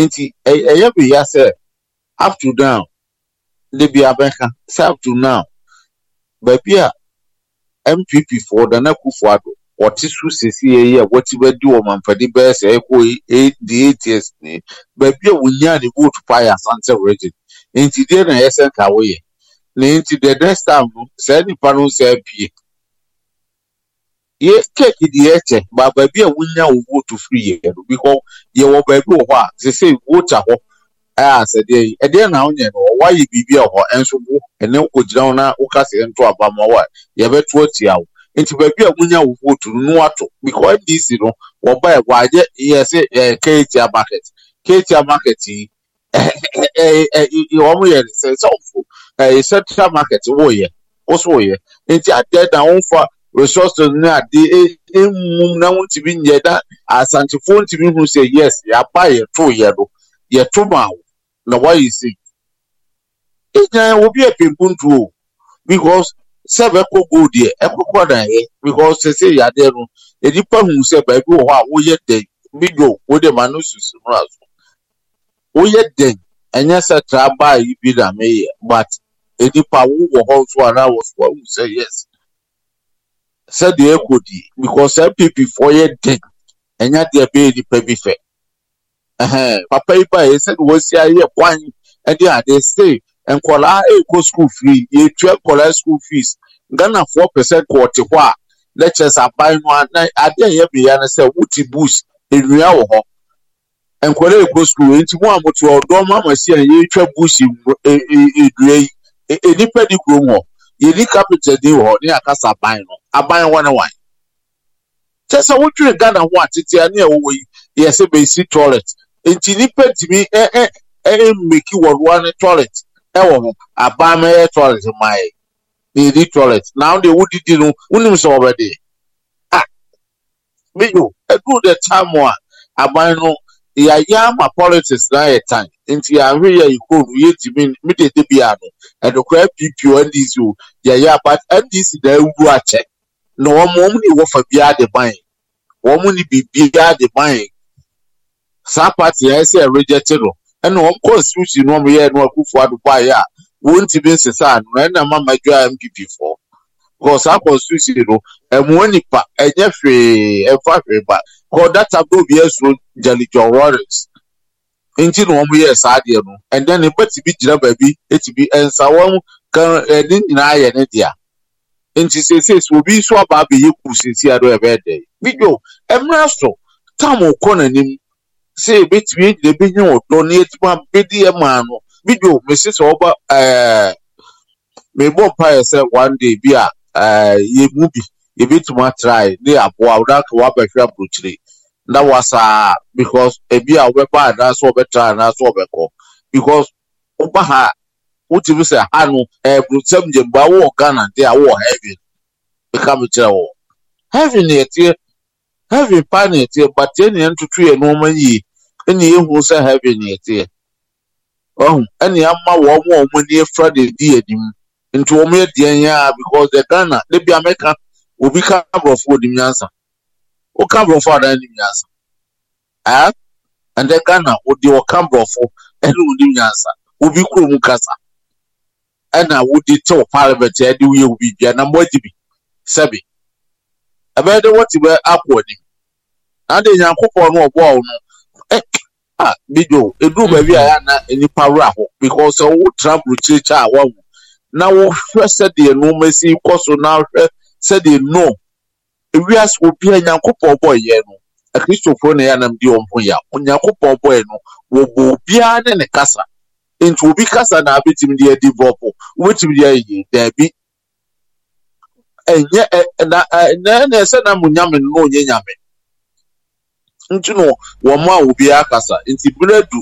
nti ɛyɛ bia sɛ up to now de bi abɛka sɛ up to now baabi a npp foɔ da na kufo ado wɔte so sesie yi a wɔte bɛdi wɔn mampadi bɛyɛ sɛ ɛkɔ di eight years ne baabi a wonyaa ne vote paa yɛ asante region nti deɛ na ɛyɛ sɛ nka woyɛ na nti the next time no saa nipa no nsa abie yɛ keeki deɛ yɛkyɛ ba baabi e a wonya e wo vote firi yɛ no because yɛwɔ baabi wɔ hɔ a sesei vote hɔ a sɛ deɛ yi ɛdeɛ na wonyɛ no biribi a hɔ wo ɛne na woka sɛ aba ma wo e a yɛbɛto atia wo nti baabi a wonya wo no no ndc no yɛ sɛ ɛɛ market keetia market yi ɛɛ ɛɛ wɔn yɛ sɛ sɛ ɛɛ central market nti adeɛ na wɔn resources no ade emum na wontumi nyɛ da asantefoɔ ntumi hu say yes yaba yɛto yɛ no yɛto ma wo na wayɛ se ɛnyan obi apempuntu o because sɛ bɛkɔ goal deɛ ɛkɔkɔ na yɛ because sɛsɛ yadeɛ no nipa hu sɛ baabi wɔ hɔ a woyɛ dɛn midwo wode ma no susu no aso woyɛ dɛn ɛnyɛ sɛ tra baa yi bi na meyɛ but nipa wowɔ hɔ nso anaa wɔ so wahu say yes sɛdeɛ ɛkɔ di because npp foɔ yɛ den ɛnya deɛ bɛyɛ nipa bi fɛ ɛhɛn papa yi baa yɛ sɛdeɛ wɔsi ayɛ kwan ɛde ade se nkɔlaa ɛkɔ school fee yɛtua nkɔlaa school fees ghanafoɔ pɛ sɛ kɔɔte hɔ a lectures aban no a na adeɛ a yɛ ya no sɛ wote bus nnua wɔ hɔ nkɔlaa ɛkɔ school mu a moto ɔdɔm si a bus e, e, e, yi nipa di kurom yɛni kapita din wɔ hɔ ne akasa aban no aban wɔn ne wɔn kyɛ sɛ wotwere ghana ho a ne a wɔwɔ yi yɛ sɛ bɛsi toilet nti nipa tumi ɛ e, ɛ e, ɛ e, mmeki wɔdoa ne toilet ɛwɔ ho aban mɛ yɛ toilet ma yɛ na yɛni toilet na wɔn deɛ wodidi no wonim sɛ wɔbɛde a meyo aduru the time a aban no yɛayɛ ama politics na yɛ tan nti ahwe yɛ ikonu yɛtumi me de de bia no ɛnokora pp o ndc o yɛyɛ but ndc na awu akyɛ na wɔn wɔn ne wɔfa biara de ban wɔn ne biribiara de ban saa party yɛn sɛ ɛregyɛte no ɛna wɔn constitution no wɔn yɛ no akufo ado baayɛ a wɔn ti bi nsesa ano ɛna ma ma dwa npp fo because saa constitution no ɛmoa nipa ɛnyɛ hwee ɛfa hwee ba because that time no obi esuro jelly john warrens nti na wɔn yɛ saa adeɛ no ɛnna ne ti bi gyina baabi eti bi nsa wɔn kan ɛne nyinaa yɛ ne dea nti seseesi obi nso aba abɛyɛ kuru sesi ado ɛbɛyɛ dɛ bidwo mmerɛ so tam kɔ n'anim sɛ ebetumi egyina ebi nye ɔdɔ na etuma bedi ɛmaa no bidwo mesi sɛ ɔba ɛɛ mebɔ mpaeɛ sɛ one day bi a ɛɛ yɛ mu bi. yɛbɛtumi atrae ne abụọ na ka wabɛhwɛ aburokyire na wasaa because ebi a wɔbɛba anaasɛ wɔbɛtra anaasɛ because woba ha wotumi eh, sɛ ha no ɛɛburusɛm gyembaa wowɔ ghana deɛ heaven kyerɛ wɔ heaven na yɛteɛ heaven paa na yɛteɛ yɛ nneɛma yie ɛna yɛhu sɛ heaven na yɛteɛ ɛna wɔn a wɔn ani de di anim nti wɔn yɛ deɛ yɛn because the obi ka aborɔfo onim nyansa woka aborɔfo adan nim nyansa ɛɛ ɛndɛ ghana wode ɔka aborɔfo ɛne onim nyansa obi kuro mu kasa ɛna wode tew parliament ɛde woyɛ obi bia na moadi bi sɛbi ɛbɛyɛ dɛ wɔte bɛ akɔ anim na de nyankopɔn no ɔboa wo no ɛ a bidio eduru baabi a yɛ ana nipa wura hɔ because ɔwo tra burukyirikyiri a wawu na wohwɛ sɛdeɛ nneɛma si kɔ so na ahwɛ sɛdeɛ no ewiase obi a nyankopɔn bɔɔyɛ no akristofoɔ na yɛanam deɛ ɔmo yɛ a onyankopɔn bɔɔyɛ no wɔbɔ obiara ne ne kasa nti obi kasa na abɛtumi deɛ ɛdi bɔpo wobɛtumi deɛ ɛyɛ daabi ɛnyɛ ɛ na ɛnɛ na ɛsɛ na mo nyame no na onye nyame nti no wɔn a obiara kasa nti mmerɛ du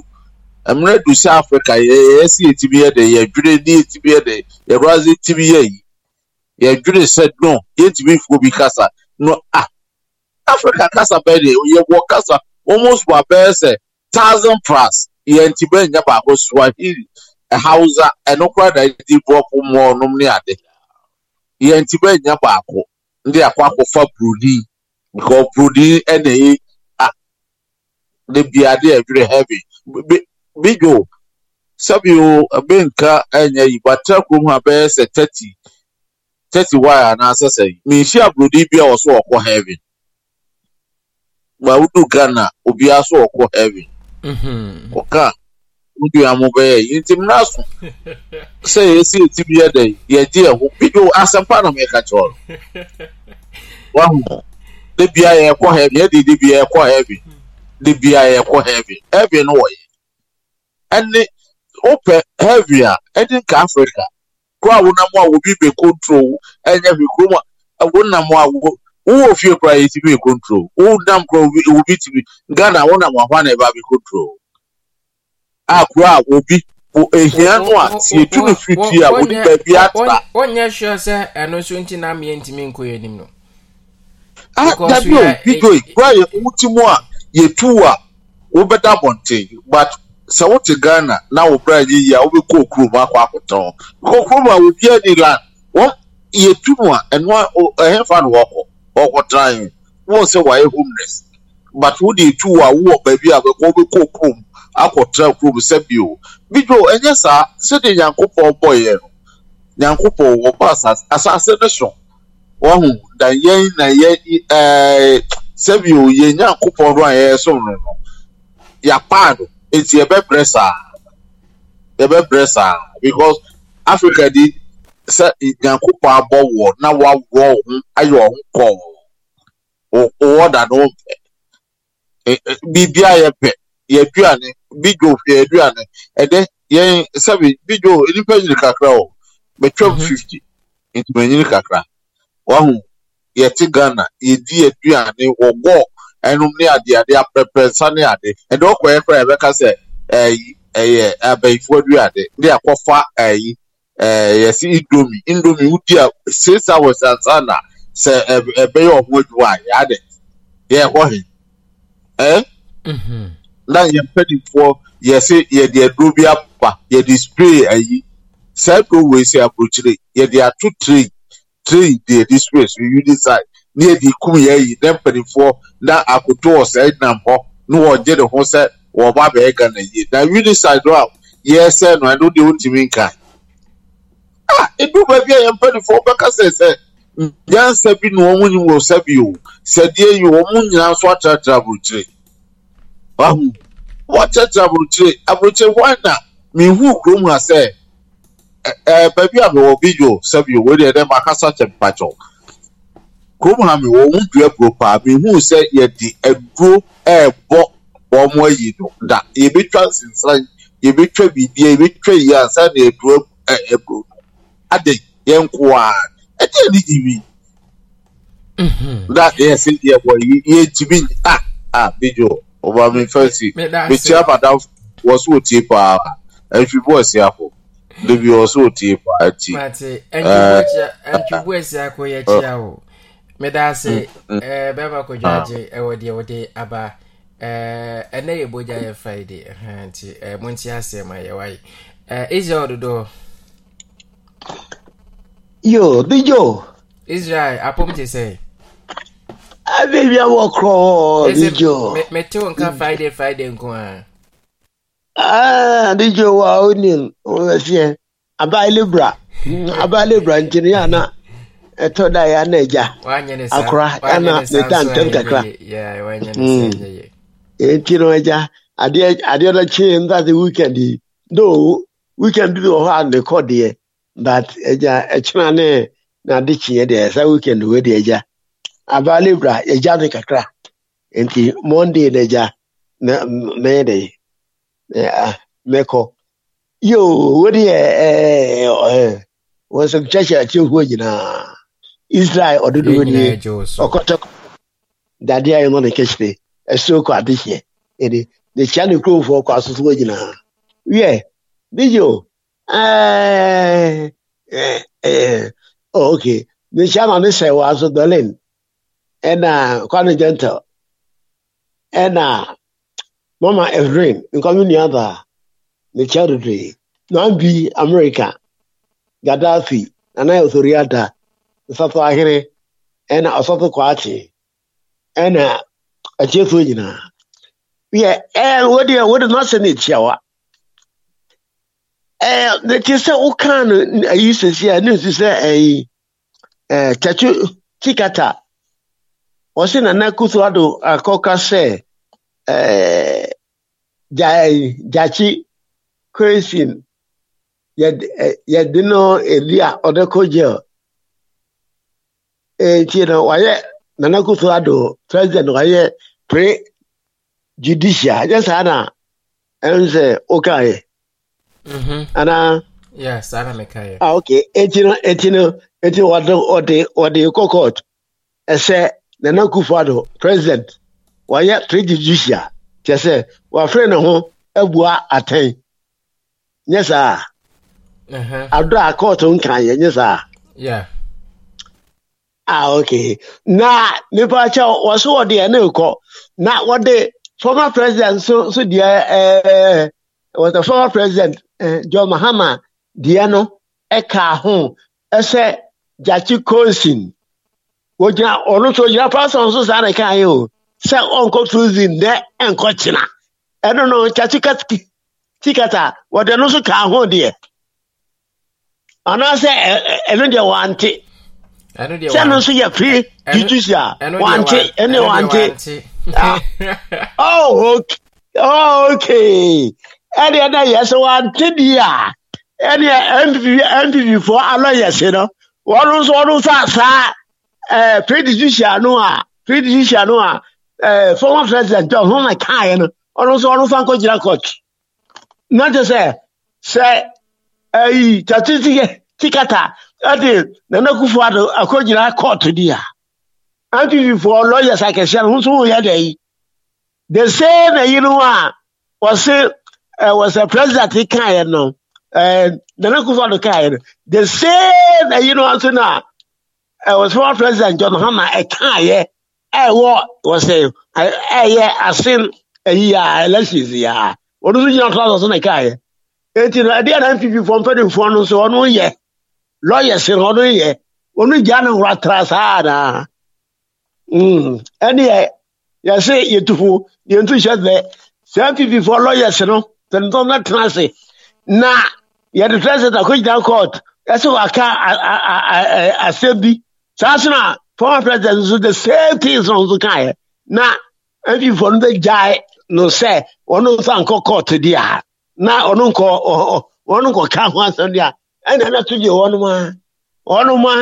mmerɛ du sɛ africa yɛ yɛ si etimi yɛ de yɛ dwere ne etimi yɛ de yɛ brazil etimi yɛ yi yɛdwere sɛ no yɛntumi mfuo bi kasa no ah africa kasa bɛɛ de yɛwɔ kasa almost wɔ abɛɛ sɛ thousand plus yɛntumi anya baako swahili hausa ɛno kora na yɛde bɔɔpo mɔɔnom ne ade yɛntumi anya baako ndị akɔ akɔfa broni nke broni ɛna eyi a ne bia de adwere heavy bidwo sɛbi o ebe nka ɛnyɛ yi batra kurom ha bɛyɛ sɛ thirty 30 anaasɛ sɛn menhyia buroni bi a wɔ so ɔkɔ heaven ma wodu ghana obiara so ɔkɔ heaven ɔka wodua mo bɛyɛ yi nti mmara so sɛ yɛsi eti bi yɛ dɛ yɛgye ɛho bido asɛmpa na mɛka kyerɛ no wahu de bia yɛkɔ heaven yɛde de bia yɛkɔ heaven de bia yɛkɔ heaven heaven no wɔ yɛ ɛne wopɛ heaven a ɛne nka africa kuro a wonam a obi bɛ control ɛnyɛ hwee kurom a wonam a wowɔ fie bɛ control obi obi ghana na control a kuro a obi ehia no a tie tu no firi fie a wodi baabi ata. wonyɛ sure sɛ ɛno nso na mmea ntumi nkɔ yɛn anim a dabi o kura yɛ wuti mu a a sɛ wote ghana na wo bra nyɛ yie a wobɛkɔ kurom akɔ akotɔn kɔ kurom a wobia ni land wɔn yɛtu mu a ɛno ɛhemfa no wɔkɔ wɔkɔtran wɔn sɛ wɔayɛ homeless but wode etu wɔ a wowɔ baabi a bɛkɔ wobɛkɔ kurom akɔtena kurom sɛ bio bidwo ɛnyɛ saa sɛdeɛ nyankopɔn bɔyɛ no nyankopɔn wɔbɔ asase no so wɔho na yɛn na yɛn ɛɛ sɛbio yɛn nyankopɔn no a yɛyɛ som no no yɛapaa no eti yɛbɛbrɛ saa yɛbɛbrɛ saa because africa di sɛ nyankopɔ abɔ wɔ na waworɔ wo ho ayɛ wo ho kɔɔ wowɔ da no wompɛ e, e, biribia yɛpɛ yɛaduane bidwo yɛaduane ɛdɛ yɛn sɛbi bidwo nipa nyini kakra o twelve mhm. fifty nti manyini kakra wahu yɛte ghana yɛdi aduane wɔgɔɔ ɛnum ne adeɛ adeɛ aprɛprɛ nsa ne ade ɛdɛ ɔkɔɛ kora yɛbɛka sɛ ɛyi ɛyɛ abɛnfoɔ adu ade ne akɔfa ɛyi ɛɛ yɛsi indomi indomi wudi a six hours ansa na sɛ ɛbɛyɛ ɔmo adwuma a yɛade yɛ ɛhɔ he ɛɛ na yɛn mpanimfoɔ yɛsi yɛde aduro bi aba yɛde spray ɛyi saa aduro wei sɛ aburokyire yɛde ato tray tray de yɛde spray so unicide. ne yɛde kum yɛayi na mpanimfoɔ na akoto wɔ sɛ nam hɔ na wɔgye ne ho sɛ wɔba bɛyɛ ghana yie na unicide no a yɛsɛ no ɛno deɛ wontumi nka ah edu baabi a yɛn mpanimfoɔ bɛka sɛ sɛ nyansa bi na wɔn nyim wɔ sɛ bi o sɛdeɛ yi wɔn nyinaa nso atratra aburukyire wahu wɔatratra aburukyire aburukyire wɔn na mihu kurom ha sɛ ɛɛ baabi a mɛwɔ bi yi sɛ bi o wɔn deɛ akasa kyɛ mpakyɛw. kurom ha mi wɔ ho dua kuro paa mi hu sɛ yɛde aduro ɛɛbɔ wɔn ayi no da yɛbɛtwa nsensan yɛbɛtwa biribi yɛbɛtwa yi ansa na aduro ɛɛburo ade yɛn koa ɛdi yɛn di bi da yɛ se deɛ bɔ yi yɛ ti bi a a bi jo ɔba mi fɛn mm-hmm. si mi tia madam wɔ so tie paa ɛnfi bɔ ɛsi akɔ debi wɔ so tie paa ɛti ɛɛ ɛntwi bɔ ɛsi akɔ yɛ a o meda ase mm, mm. eh, bɛma kɔdwa agye ah. ɛwɔ deɛ eh, wode aba ɛnɛ eh, yɛ bogya yɛ friday nti monte aseɛ ma yɛwa yi israel dodo yo dijo. israel apom te sɛ ah, abɛwia wɔ korɔ bijo mete wo nka mm. friday friday nko a dijo ah, wa wonim wɔbɛseɛ abaa lebra abaa lebra nkyene yɛ ana ɛtɔ da ya na agya akora ana ne da ntɛm kakra ɛnti no agya adeɛ adeɛ no kyee ntase weekend yi though weekend bi wɔ hɔ a ne kɔ deɛ but agya ɛkyena ne n'ade kyeɛ deɛ saa weekend wɔ deɛ agya abaa libra agya ne kakra nti monday na agya na mɛyɛ de mɛkɔ yoo wɔ deɛ ɛɛ ɛɛ wɔn sɛ kyɛkyɛ akyɛ huo nyinaa israel ɔdodoɔ nie ɔkɔtɔ dadeɛ a yɛma no kɛhyire ɛsoro kɔ adehyeɛ ɛde de kyia ne kuromfoɔ kɔ asosoɔ nyinaa wiɛ digyo ɛɛ ɛɛ ok ne kyia ma ne sɛ wɔ aso dɔlen ɛna kwane gentle ɛna e mama Evrin, nkɔmi nua ba ne kyia dodoe na bi america gaddafi na yɛ osori ịsatụ ahịrị ena ọsatụ na ena achetu na ya eh wodi wodi na se ne chiawa eh ne ti se ukan ayi sisi a ne sisi eh chachu chikata wasi na na kutu ado akoka se eh jai jachi crazy yɛ de no a ɔde kɔ etinye eh, wayɛ nana akufo ado president wayɛ pre judicia ɛnyɛ saa na ɛn sɛ wokaeɛ mm-hmm. anaa a ah, ok eti no eti no eti wɔde wɔde wɔde kɔ court ɛsɛ nana akufo ado president wayɛ pre judicia kyɛ sɛ wafere ne ho abua atɛn nyɛ saa uh-huh. adɔ a court nkaeɛ nyɛ saa. Ah, okay. Na nipa kyɛ wɔso wɔde ɛne kɔ na wɔde former president so so deɛ eh, ɛɛ was former president eh, John Mahama deɛ no ɛka e ho ɛsɛ e Jaki Coulson wogyina ɔno nso gyina paasɔn so saa na ɛka yɛ o sɛ ɔnkɔ tourism dɛ ɛnkɔ kyina ɛno e no Jaki Tikata wɔde no so ka ho deɛ anaasɛ ɛno deɛ wɔante. sɛ no nso yɛ free juice a wante ɛne wante ok ɛdeɛ na yɛ sɛ wante di a ɛneɛ nppfoɔ alɔyɛse no wɔno nso wɔno nso asaa predijisia no a predijisia no a former president john homa kaeɛ no ɔno nso ɔno nso ankɔgyina court na kyɛ sɛ sɛ ayi tatiti tikata ɛde nana kufo ado akɔgyina kɔɔto di a antififoɔ lɔyɛs akɛseɛ no ho eh, nso woyɛ da yi the same ayi no a wɔse wɔsɛ president kaeɛ no nana kufo ado kaeɛ no the same ayi no nso no a eh, wɔsɛ former president john hama ɛkaeɛ ɛwɔ wɔsɛ ɛyɛ asen ayi a elections yi a wɔn nso gyina ɔtɔ so na ɛkaeɛ eti no ɛdeɛ na nfififoɔ mpanimfoɔ no nso wɔn yɛ lɔɔyɛsi ɔno yɛ ɔno gya ne nwura tra saa hmm. na ɛne yɛ yɛsi yɛtufu yɛntu hyɛ sɛ sɛ npp fo lɔɔyɛsi no tɛntɛn na tena ase na yɛde tɛsita ko gyina court ɛsɛ waka asɛm bi saa so na former president nso the same things na nso kan yɛ na npp fo no bɛ gyae no sɛ ɔno nsa nkɔ court di a na ɔno nkɔ ɔno nkɔ ka ho asɛm di a ɛna na to deɛ wɔnom a wɔnom a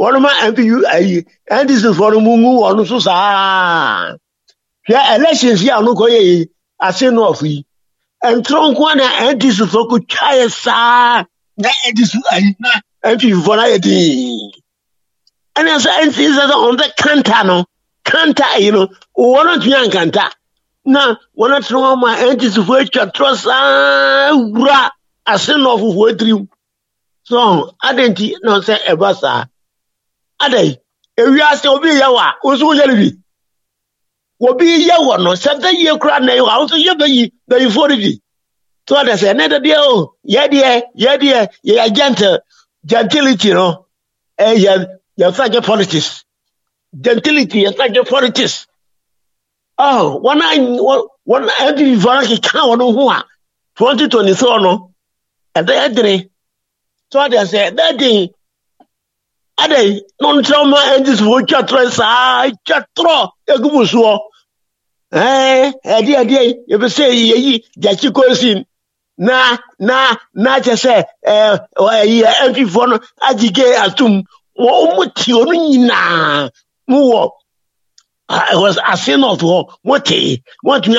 wɔnom a npu ayi ndc fɔno mu ngu wɔn so saa hwɛ elections yi a ɔno kɔ yɛ yi ase nɔɔfo yi ntoro nko na ndc fɔ ko twa yɛ saa na ndc ayi na npu fɔ na yɛ dii ɛna sɛ ndc sɛ sɛ ɔn bɛ kanta no kanta yi no wɔn tun yɛ nkanta na wɔn atena wɔn ma ndc fɔ atwa torɔ saa wura ase nɔɔfo fɔ etirim so adịn nti na nsị ebe saa adịghị ewi asị obi yɛ wa osu yɛ no bi obi yɛ wɔ no sɛ nsɛ yie kura na yɛ wa nso yɛ bɛyi bɛyifo no bi so ɔdɛ sɛ ɛnɛ dedeɛ o yɛ deɛ yɛ deɛ yɛ yɛ gentle gentility no ɛyɛ yɛn sa gye politics gentility yɛn sa gye politics ɔh oh, wɔn a wɔn a ɛdi fɔlɔ keka wɔn ho a twenty twenty four no ɛdɛ ɛdini tí wọ́n dẹ̀ sẹ́ bẹ́ẹ̀ dì adẹ̀ ní ntẹ́ ọmọ ẹni sọ wọ́n twa tọrọ sáá twa tọrọ egumu soɔ ɛdi ɛdi ebi sɛ yeyi gyakyi kosi na na na kyɛ sɛ ɛɛ ɛyi ɛnfifoɔ no agye ge atum wɔn mo ti wɔn nyinaa mo wɔ ɛwɔ ase nɔɔto hɔ mo ti wɔn tumi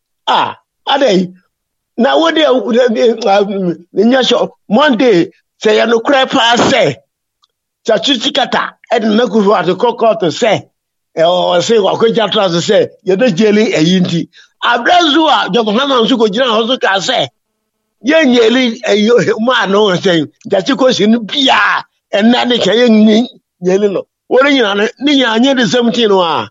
ah adịghị na wode ah, mm, nyɛhyɛ monday sɛ yɛ nokorɛ paa sɛ satusikata ɛde na kufo ate kɔkɔɔto sɛ ɔse wakɔgya tra so sɛ yɛda gyeli ayi nti aberɛ so a jɔkohana nso kɔgyina hɔ so kaa sɛ yɛnyeli kɔsi no ne kyɛ nyeli no nyina no ne nyinaa de sɛm a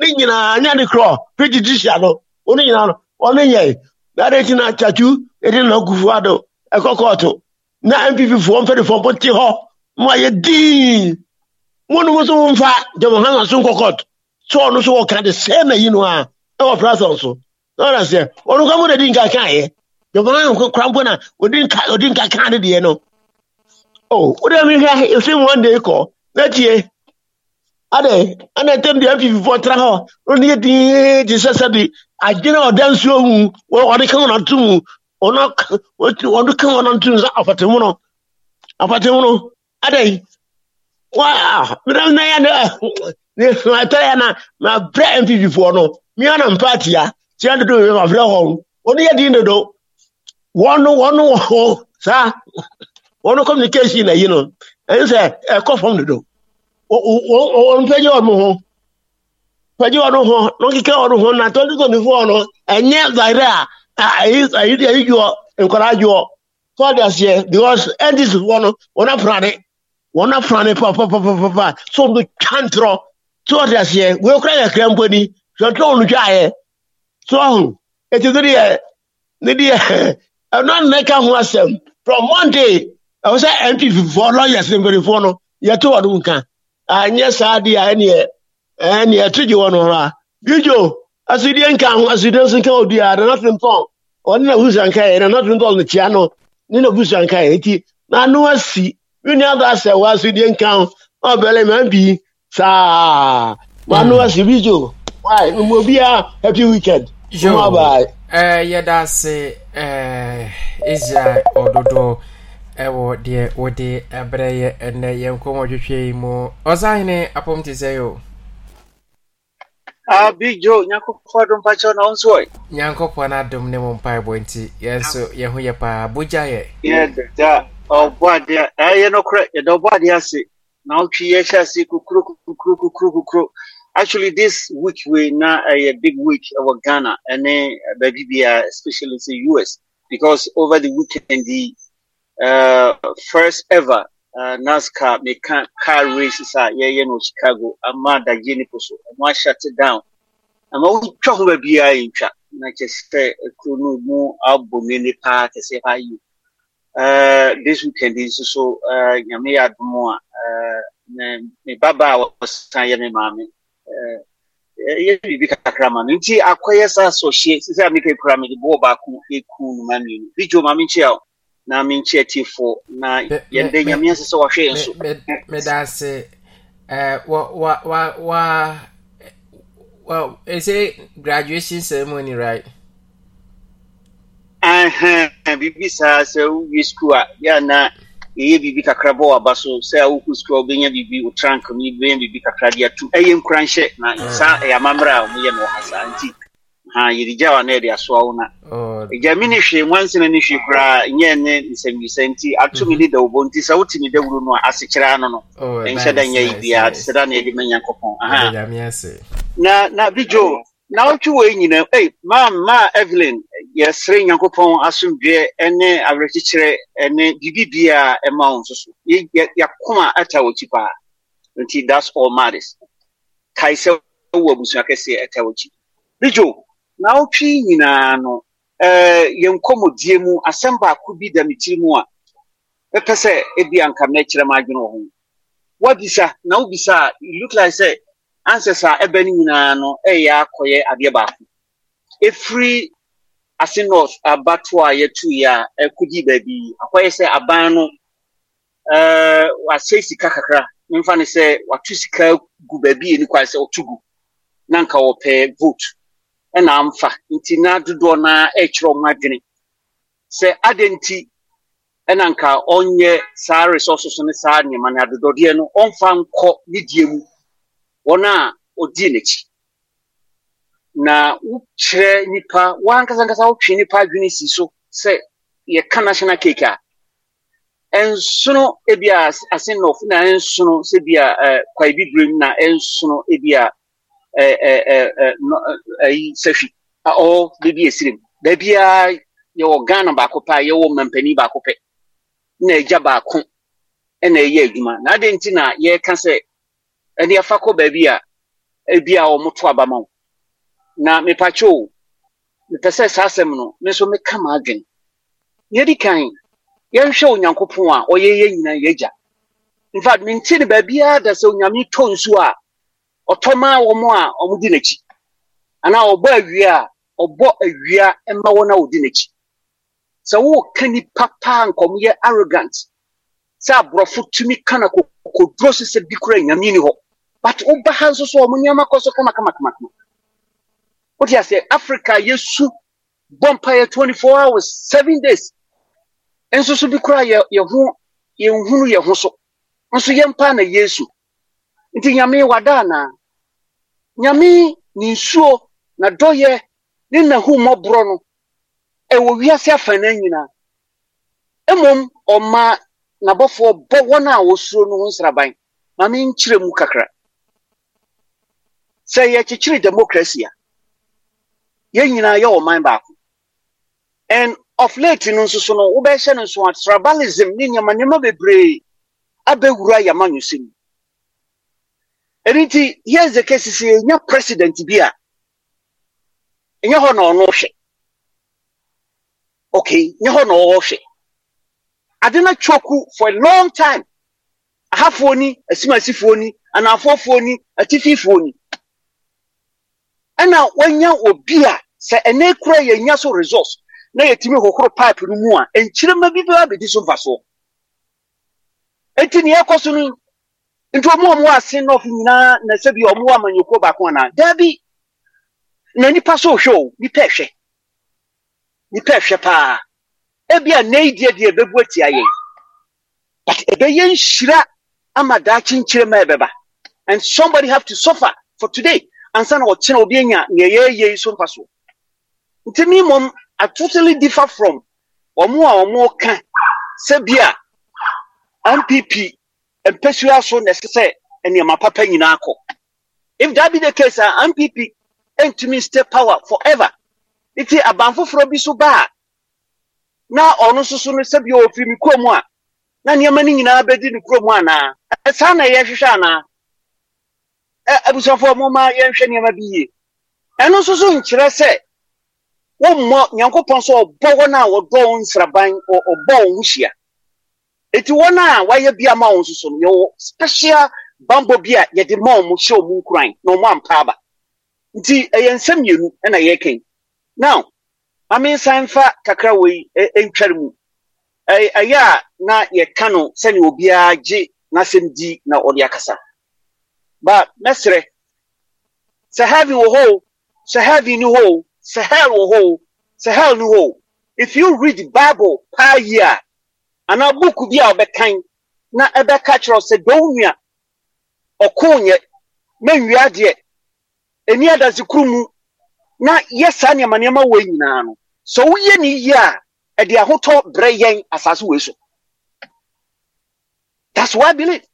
ne nyinaa nyɛ de korɔ oni nyina oni nyɛ yare ti na kyakyu eti na kufu ado ɛkɔ kɔɔto na npp foɔ mpɛrɛfoɔ mpo te hɔ mo ayɛ dii mo no mo so mfa jɛmo hansa so nkɔ kɔɔto so ɔno so wɔka de sɛɛ na yi no a ɛwɔ prasɔn so na ɔna sɛ ɔno kɔ mo na di nka kan yɛ jɛmo hansa kora mpo na odi nka odi nka kan ne deɛ o o de mi hwɛ efi mu ɔn de kɔ na tie ade ana tɛm de npp foɔ tra hɔ ɔno yɛ dii ti sɛ sɛ de ajina ọdansi ohu ọdị kan ọna tum ọdị kan ọna tum sọ afatimuno afatimuno adai wa mmeran na ya na mata ya na ma brɛ npp foɔ no mia na mpaati ya tia dodo yɛ ma brɛ hɔn ɔno yɛ din dodo wɔn wɔn wɔ saa wɔn communication na yi no ɛn e sɛ ɛkɔ e, fam dodo wɔn mpɛ nye wɔn ho. pɛgye ɔno hɔ na ɔkeka ɔno hɔ na twenty twenty four no ɛnyɛ zaire a ayi ayi ayi dwoɔ nkwadaa dwoɔ fɔde aseɛ because ndc foɔ no wɔn afrane wɔn afrane papapapapa so ɔmo twantrɔ so ɔde aseɛ wɔn ekura kakra mpo ni twenty wɔn twa ayɛ so ɔho eti ne deɛ ne deɛ ɛnua ne ka ho asɛm from monday ɛwɔ sɛ npp foɔ lawyers mpanyinfoɔ no yɛto wɔn nka anyɛ saa deɛ ɛneɛ. ɛne ɛtogye wɔ no a gidwo asudie nka ho asudie nso nka na nothing tɔn ɔne na busa nka yɛ na nothing tɔn no no ne na busa nka yɛ na ano asi wini ado asɛ wɔ nka ho ɔbɛlɛ ma bi saa ma ano asi wai obi happy weekend. yo ɛɛ yɛda ase ɛɛ ɔdodo. ɛwɔ deɛ wode ɛbrɛ yɛ ɛnɛ yi mu ɔsahene apɔm te sɛ abijo nyankopɔn adom pa kyɛw na wo nso nyankopɔn adom ne mo mpaebɔ nti yɛn so yɛho yɛ paa bogya yɛ yɛda ɔbɔ adeɛ ɛyɛ nokorɛ yɛda ɔbɔ adeɛ ase na wotwi yɛhyɛ ase kukuro kukuro kukuro kukuro actually this week we na eh, a big week our ghana and then eh, baby bia especially in the us because over the weekend the uh, first ever uh, NASCAR meka car races a ah, yɛyɛ no Chicago ama adagye nipo so ɔmo ahyɛte down ama wotwa ho baabiara yɛntwa na kyɛ sɛ kuro no mu abɔ nene paa te sɛ ha yi uh, this weekend nso so uh, nyame yɛ adom a me babaa a wɔsan yɛ me maame yɛ biribi kakra ma no nti akɔyɛ saa sɔhyeɛ sɛ sɛ a meka kura mede bɔɔ baako ɛku no ma mmienu bi maame nkyea wo na menkyi atifoɔ na yɛndɛ nyame sɛ sɛ wahwɛ yɛn so meda ase graduation ceremony, right? uh Bibi saa sɛ wowie school a yɛ na biribi kakra bɔ waba so sɛ wokɔ school a wobɛnya biribi wo trank no bɛnya biribi kakra de ɛyɛ nkora nhyɛ na saa ɛyɛ amammerɛ a wɔyɛ no wɔ saa nti ha yiri jawa na yɛde asoa wo na gyame ne hwee nwansena ne hwee koraa nyɛ ne nti atumi mhm. ne nti sɛ wote ne dawuro no a asekyerɛ ano no ɛnhyɛ da nyɛ yi biaa te sɛ da na yɛde ma nyankopɔn na na bijo na wotwe wɔ nyina ei evelyn yɛsere nyankopɔn ne awerɛkyekyerɛ ne biribibia ɛma wo nso so wɔ nti that's all matters kae sɛ abusua kɛseɛ na wotwi nyinaa no eh, yɛn nkɔmmɔdie mu asɛm baako bi da me tiri mu a mepɛ sɛ ebi anka mɛkyerɛ m adwene wɔ ho wabisa na wobisa a look like sɛ answers a ɛbɛ no nyinaa no ɛyɛ akɔyɛ adeɛ baako ɛfiri ase north abato a yɛtuiɛ a ɛkɔgyi baabi akɔyɛ sɛ aban no eh, wasɛe sika kakra memfa ne sɛ wato sika gu baabi yɛ ni kwae sɛ ɔto gu na nka wɔpɛ vote na mfa nti na dodoɔ na ɛkyerɛ ɔmo adwene sɛ ade nti na nka ɔnyɛ saa resources ne saa nneɛma na dododeɛ no ɔmfa nkɔ ne die mu wɔn a ɔdi n'akyi na wokyerɛ nipa wankasa nkasa wotwe nipa adwene si so sɛ yɛka national cake a nsono ebi a asenɔfo na nsono sɛ bi a ɛɛ kwaebi birim na nsono ebi a safi a ɔ baabi ɛsirim Beebi a, yɛwɔ ghana baako pɛ a yɛwɔ mampanin baako pɛ na agya baako ɛna ɛyɛ adwuma na ade nti na yɛka sɛ ɛne afa kɔ beebi a ebi a wɔmoto aba ma wo na mepatwo o mepɛ sɛ saa asɛm no me nso meka ma adwene yɛdi kan yɛnhwɛ onyankopɔn a ɔyɛ yɛ nyinaa yɛagya in fact mente beebi a da sɛ onyame tɔ nsuo a ɔtɔmaa wɔ m a di n'akyi anaa ọbọ awia a ọbọ awia ma wọn a wɔdi n'akyi sɛ wɔreka nipa paa nkɔm yɛ arrogant sɛ aborɔfo tumi kana na kɔkɔduro so sɛ bi kora nyame ni hɔ but woba ha nso so ɔmo nneɛma kɔ so kamakamakamaka wote asɛ africa yɛsu bɔ mpayɛ 24 hours 7 days nso so bi kora yɛho yɛnhunu yɛ ho so nso yɛmpa na yesu nti nyame wada anaa nyame ne nsuo na dɔyɛ ne nahummɔborɔ no ɛwɔ wiase afana nyinaa mmom ɔma n'abɔfoɔ bɔ wɔn a wɔsuro no ho nsraban ma menkyerɛ mu kakra sɛ yɛkyekyere demokrasi a yɛn nyinaa yɛ ɔman baako and of late no nso so no wobɛhyɛ no nso a tribalism ne nneɛma nneɛma bebree abɛwura yɛma nwesɛm ɛno nti here's the case sɛ ɛnya president bi a ɛnyɛ hɔ na ɔno hwɛ okay nyɛ hɔ na ɔwɔ hwɛ ade no choku for a long time ahafoɔ ni asimasifoɔ ni anafoɔfoɔ ni atififoɔ ni ɛna wanya obi a sɛ ɛnɛ kura yɛnya so resource na yɛtumi hohoro pipe no mu a nkyirima bi bɛ abɛdi so mfa soɔ eti nea ɛkɔ so no nti ɔmo ɔmo ase nɔf nyinaa na sɛbi ɔmo amanyɔkuo baako anaa daabi na nipa so hwɛ o nipa ɛhwɛ nipa ɛhwɛ paa ebi a n'eyi deɛ deɛ ebebu etia yɛ but ebɛyɛ nhyira ama daakye nkyerɛma ɛbɛba and somebody have to suffer for today ansa na ɔkyerɛ obi enya nea yɛyɛ yi so mpa so nti mi mom i totally differ from ɔmo a ɔmo ka sɛbi a npp mpɛsua so na ɛsɛ sɛ nneɛma papa nyinaa kɔ if that be the case a npp ntumi stay power forever nti aban foforɔ bi so baa na ɔno nso so no sɛbi ofiri mi kurom a na nneɛma no nyinaa bɛdi ne kurom anaa ɛsan na yɛhwehwɛ anaa abusuafoɔ mo ma yɛnhwɛ nneɛma bi yie ɛno nso so nkyerɛ sɛ wɔmmɔ nyankopɔn sɛ ɔbɔ wɔn a wɔdɔ wɔn nsraban ɔbɔ wɔn ho hyia Eti wọn a wɔayɛ bi ama wɔn soso no yɛwɔ special bambɔ bi a yɛde ma wɔn hyɛ wɔn nkuran na wɔn ampa aba nti ɛyɛ nsɛm mmienu ɛna yɛrekɛn now maame nsan fa kakra wɔ yi e, e, ntwɛre mu ɛyɛ e, a na yɛka no sɛnea obiara gye n'asɛm di na ɔde akasa ba mɛsrɛ sɛ heaven wɔ hɔ sɛ heaven ni hɔ Sahel hell wɔ hɔ sɛ ni hɔ if you read bible paa yia. Ana buuku bi a ɔbɛkan na ɛbɛka kyerɛ sɛ dɔw nua ɔko nyɛ mɛnwia deɛ ani adase kuru mu na yɛ saa nneɛma nneɛma wɔ nyinaa no sɛ woyɛ ne yie a ɛde ahotɔ brɛ yɛn asase wɔ so that's why i believe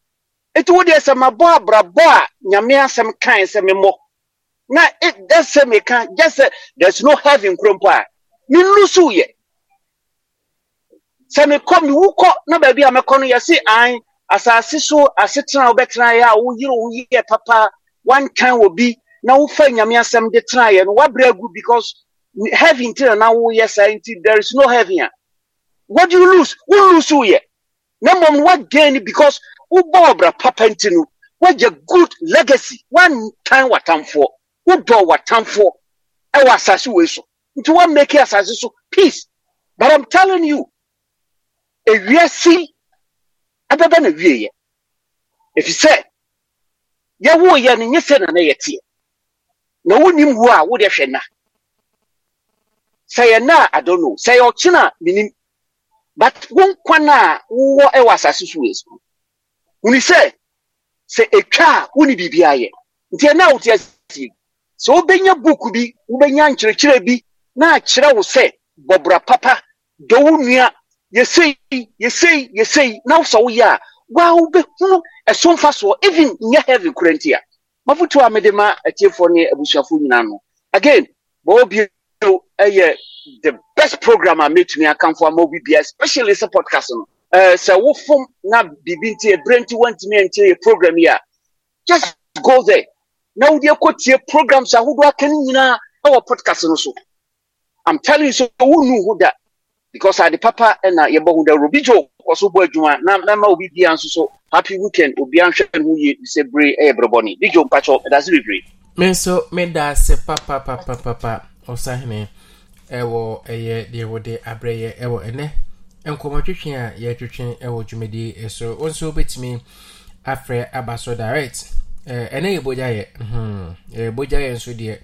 eti wo deɛ sɛ mabɔ abrabɔ a nyame asɛm kan sɛ memmɔ na it dɛ sɛ meka there's no heaven kuro mpo a me nusu yɛ sɛ mekɔ mewukɔ na baabi a mɛkɔ no yɛse an asase so asetena a wobɛtenaeɛ a woyere wo yɛ papa woankan wɔ bi na wofa nyame asɛm de tenaeɛ no woabrɛ agu because heaven nti na na woyɛ saa nti there is no heaven a what do you lose wo lose woyɛ na mmom woagain because wobɔ ɔbra papa nti no woagya good legacy woantan watamfoɔ wodɔ watamfoɔ ɛwɔ asase wei so nti woamake asase so peace but i'm telling you ewiase abɛbɛ na wie wieɛ efisɛ yɛwoyɛ no nye sɛ na na yɛteɛ na wonim wo a wode hwɛ na sɛ yɛ na a adɔ no sɛ yɛ ɔkye na menim but wo nkwan a wowɔ ɛwɔ asase so wɔ esu wuni sɛ sɛ etwa a wone biribi ayɛ. nti ɛna a wote asie sɛ wobɛnya buuku bi wobɛnya nkyerɛkyerɛ bi na akyerɛ wo sɛ bɔbra papa dɔ nua you yɛsei yɛsei na wosa woyɛ a waa wobɛhunu ɛso mfa soɔ even nyɛ heaven kora nti a mafoto a mede ma atiefoɔ ne abusuafoɔ nyinaa no again bɔwɔ bio ɛyɛ the best program a mɛtumi akamfo ama obi bia especially sɛ podcast no uh, sɛ wofom na biribi brain to want me antie yɛ program here. just go there Now, na wode akɔtie programs I aka no nyinaa ɛwɔ podcast no so i'm telling you so who knew who that? because ade papa na yɛbɔ ho dawuro bi gyo kɔ so bɔ adwuma na mɛma obi bia nso so happy weekend obi anhwɛ ne ho yie sɛ bere ɛyɛ berɛbɔne bi gyo mpakyɛ ɛda se bebree me nso meda ase papapapapa ɔsahene ɛwɔ ɛyɛ deɛ wɔde abrɛ yɛ ɛwɔ ɛnɛ nkɔmmɔtwetwe a yɛtwetwe ɛwɔ dwumadie so wo nso wobɛtumi afrɛ aba so direct ɛnɛ yɛ bogyayɛ yɛ hmm, bogyayɛ nso deɛ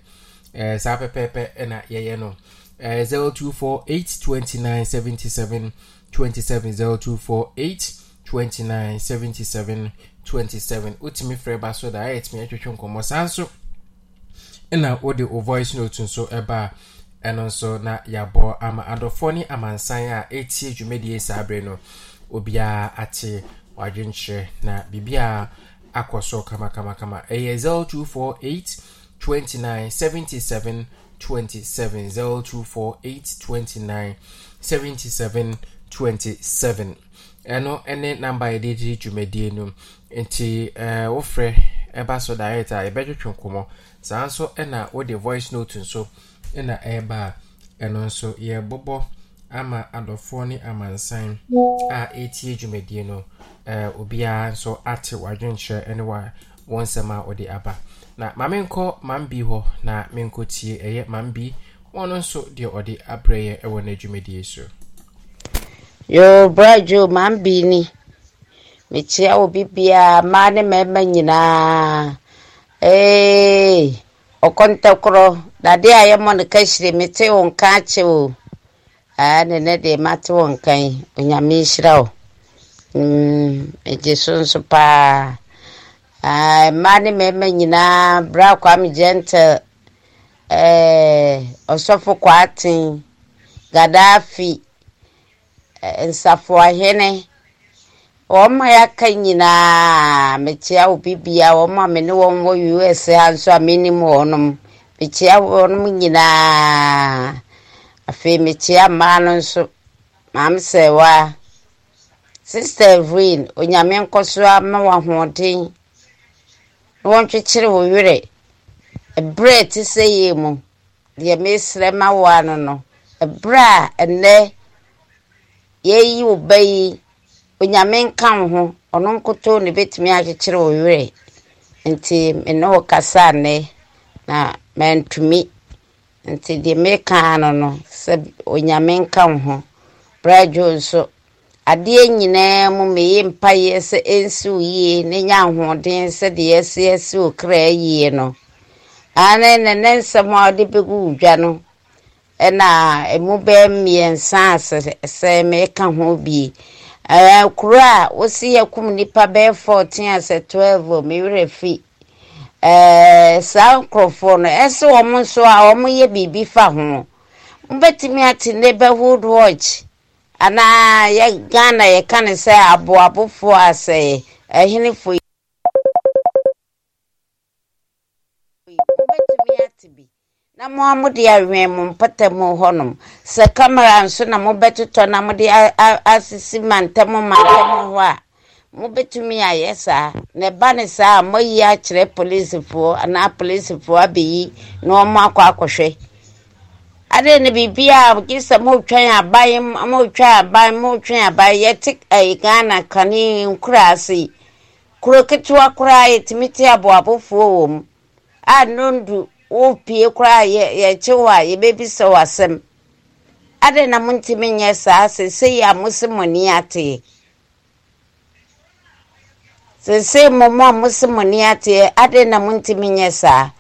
saa pɛpɛɛpɛ ɛna yɛyɛ no uh, 024 829 77 27 024 829 77 27 wotumi frɛ ba so da ayɛ eh, tumi atwitwe nkɔmmɔ saa nso ɛna wode wo voice note nso ɛba a ɛno nso na yɛabɔ ama adɔfoɔ ne amansan a ɛtie dwumadie saa berɛ no obiara ate wadwenkyerɛ na biribiara akɔ so kamakamakama ɛyɛ 0248 29 77 27 0248 29 77 27 ɛno ne namba a yɛde gyiri dwumadie no nti wofrɛ eh, ɛba so direct a yɛbɛtwetwe nkɔmmɔ saa nso na wode voice note nso na ɛreba a ɛno eh, nso yɛbobɔ ama adɔfoɔ ne amansan a ɛtie dwumadie no obiara nso ate w'adwenkyerɛ ne wɔn nsɛm a wɔde aba na ma menkɔ mam bi hɔ na menkɔtie ɛyɛ mam bi wɔn nso deɛ ɔde abrɛ yɛ ɛwɔ n'adwumadie so. yoo brajo mam ni mekyia wo bia mmaa ne mmarima nyinaa ee ɔkɔntɛkorɔ dade a yɛmɔ no kahyire mete wo nka akye o aa ne ne deɛ mate wo nkan onyame nhyira wo mm, megye so nso paa mmaa ne mmarima nyinaa bra kwame gentle eh, ɔsɔfo kwaten gaddafi eh, nsafuahene wɔn a yɛaka nyinaa mekyia wo bibia wɔn a m'ene ne wɔn wɔ us ha nso a menim wɔnom mekyia wɔnom nyinaa afei mekyia mmaa no nso maame sɛ waa sister evelyn onyame nkɔ ama wɔn ahoɔden na wɔntwekyere wo werɛ ɛberɛ a ɛte sɛ yie mu deɛ meserɛ ma wo a no no ɛberɛ a ɛnnɛ yɛayi wo ba yi onyame nka wo ho ɔno nkotoo ne bɛtumi akyekyere wo werɛ nti me ne wo kasa nnɛ na mantumi nti deɛ mekaa no no sɛ onyame nka wo ho brɛ dwo nso adeɛ nyinaa mu meyɛ mpaeɛ sɛ ɛnsi wo yie ne nya ahoɔden sɛdeɛ ɛsi ɛsi wo kra yie no ane ne ne nsɛm a ɔde bɛgu udwa no ɛna ɛmu bɛɛ mmiɛnsa a sɛ meka ho bie kuro a wosi yɛkum nnipa bɛyɛ 14 a sɛ 12 o me werɛ fi saa nkorɔfoɔ no ɛsɛ wɔn nso a yɛ biribi fa ho mobɛtumi ate nne bɛhodoɔ akyi anaa yɛ ghana yɛka ne sɛ aboabofoɔ a sɛ ɛhenefo wobɛtumi ate bi na mo a mode awɛn mo mpata mu hɔnom sɛ kamera nso na mobɛtotɔ na mode asisi mantam mantam hɔ a mobɛtumi ayɛ saa na ɛba ne saa a moayi akyerɛ polisifoɔ anaa polisifoɔ abɛyi na wɔn akɔ akɔhwɛ ade ne biribia a gye sɛ moretwɛn aban moretwɛn aban moretwɛn aban yɛte ɛyɛ ghana kane nkura ase kuro ketewa koraa yɛtumi te aboabofoɔ wɔ mu a nondu wopie koraa yɛ yɛkye wɔ a yɛbɛbisa wɔ asɛm ade na montumi nyɛ saa seesei a mose mo ani ateɛ seesei mo mo a mose mo ani ateɛ ade na montumi nyɛ saa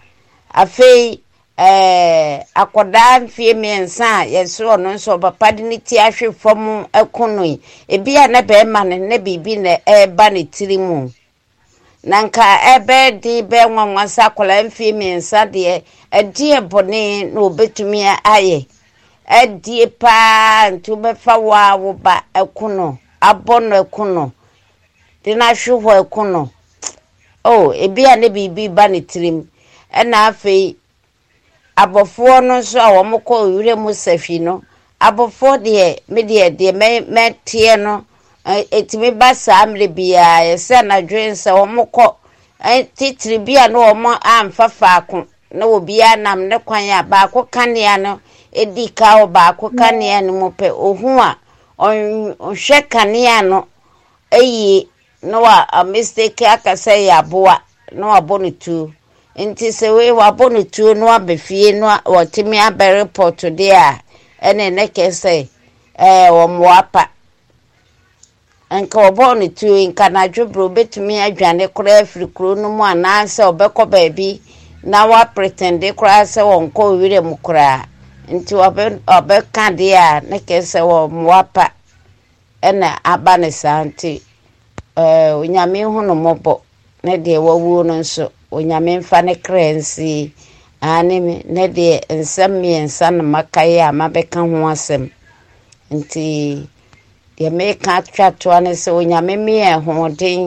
afei Eh, akwadaa mfie mmiɛnsa a yɛsɛ ɔno nso papa de ne ti ahwe fam ɛko no yi ebi a ne barima no ne biribi na ɛreba ne tiri mu na nka ɛbɛɛ de bɛɛ nwanwa sɛ akwadaa mfie mmiɛnsa deɛ ɛdeɛ bɔne na obetumi ayɛ ɛdeɛ paa nti wobɛfa wo woba ɛko no abɔ no ɛko no de n'ahwe hɔ ɛko no o oh, ebi a ne biribi ba ne tiri mu ɛna afei. abɔfoɔ no nso a wɔn kɔ owurɛ mu sɛfi no abɔfoɔ deɛ me deɛ deɛ mɛ mɛteɛ no etimi ba saa mmerɛ biara yɛsɛ anadwo nsa wɔn kɔ titiri bi a na wɔn amfa faako na obiara nam ne kwan a baako kanea no edi ka wɔ baako kanea no mu pɛ ohu a ɔhwɛ kanea no eyi na wa mistake akasa yɛ aboa na wabɔ ne tuo. nti sɛ wei wabɔ no tuo no aba fie no wɔtumi aba report deɛ a ɛne ne kɛ sɛ ɛɛ wɔmmoa pa nka wɔbɔɔ no tuo nka n'adwobrɛ obɛtumi adwane koraa afiri kuro no mu anaasɛ ɔbɛkɔ baabi na wapretende koraa sɛ wɔnkɔ owura mu koraa nti ɔbɛka deɛ a ne kɛ sɛ wɔmmoa pa ɛna aba ne saa nti ɛɛ onyame hu no mmɔbɔ ne deɛ wawuo no nso onyame mfa ne kra ane ne deɛ nsɛm mmiɛnsa na makaeɛ a mabɛka ho asɛm nti deɛ meka twatoa ne sɛ onyame meyɛ hoɔden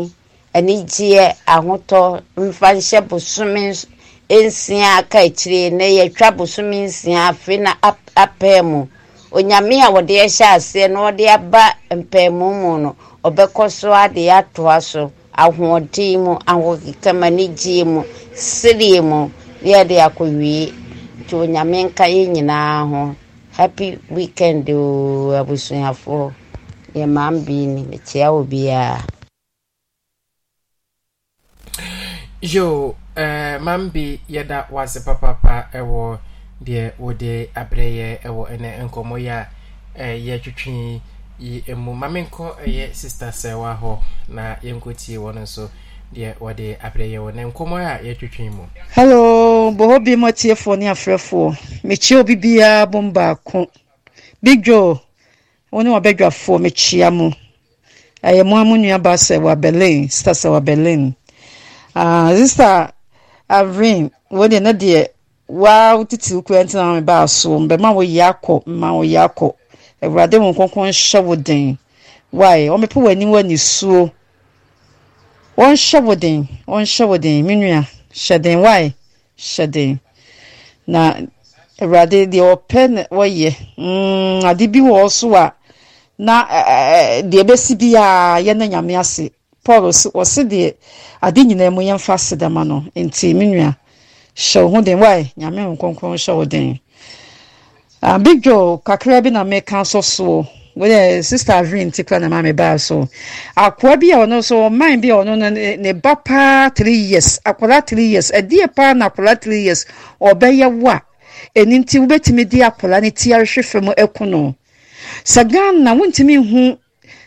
anigyeɛ ahotɔ mfa nhyɛ bosome nsia aka akyire na yɛtwa bosome nsia afei na apɛɛ mu onyame a wɔde ɛhyɛ aseɛ na wɔde aba mpɛɛmu mu no ɔbɛkɔ so adeɛ atoa so ahoɔden mu ma ne gyee mu serie mu ne yɛde akɔwie nti onyame nka yɛ nyinaa ho happy weekend o abusuafoɔ yɛ maam bii mekyea wɔ biaa yo uh, eh, maam bi yɛda wase papapa ɛwɔ deɛ wode abrɛ ɛwɔ ɛnɛ nkɔmmɔ yɛ a eh, yi emu eh, mame nkɔ ɛyɛ eh, sista sɛwa hɔ na yɛnkɔtie wɔn nso deɛ wɔde abrɛ yɛ wɔ na nkɔmmɔ a yɛtwitwi mu hello bɔhɔ bi mu atiefoɔ ah, ne afrɛfoɔ mekyia obi biara bom baako big joe wo ne wabɛdwafoɔ mekyia mu ɛyɛ mu amu mo nuaba sɛwa berlin sista sɛwa berlin uh, sista avrin wo deɛ na deɛ waa wotete wo kura ntena me baa so mbɛma woyɛ akɔ mma woyɛ akɔ awurade wo nkonkron nhyɛ wo den wae ɔmepɛ w'ani wɔ nisuo wɔnhyɛ wo den wɔnhyɛ wo den me nua hyɛ den wae hyɛ den na awurade deɛ ɔpɛ na wɔyɛ mm ade bi wɔ so a na deɛ ɛbɛsi biara yɛ na nyame ase paul ɔsi deɛ ade nyinaa mu yɛmfa ase dama no nti me nua hyɛ wo ho den wae nyame wo nkonkron hyɛ wo den Uh, big kakra bi na meka sɔ so wɔyɛ sista avin ti kura na maame baa so akoa bi a ɔno so ɔman bi a ɔno no ne ba paa three years akwadaa three years ɛdeɛ paa na akwadaa three years ɔbɛyɛ wa ɛni nti wobɛtumi di akwadaa ne ti ahwehwɛ fam ɛko no sɛ ghana wontumi hu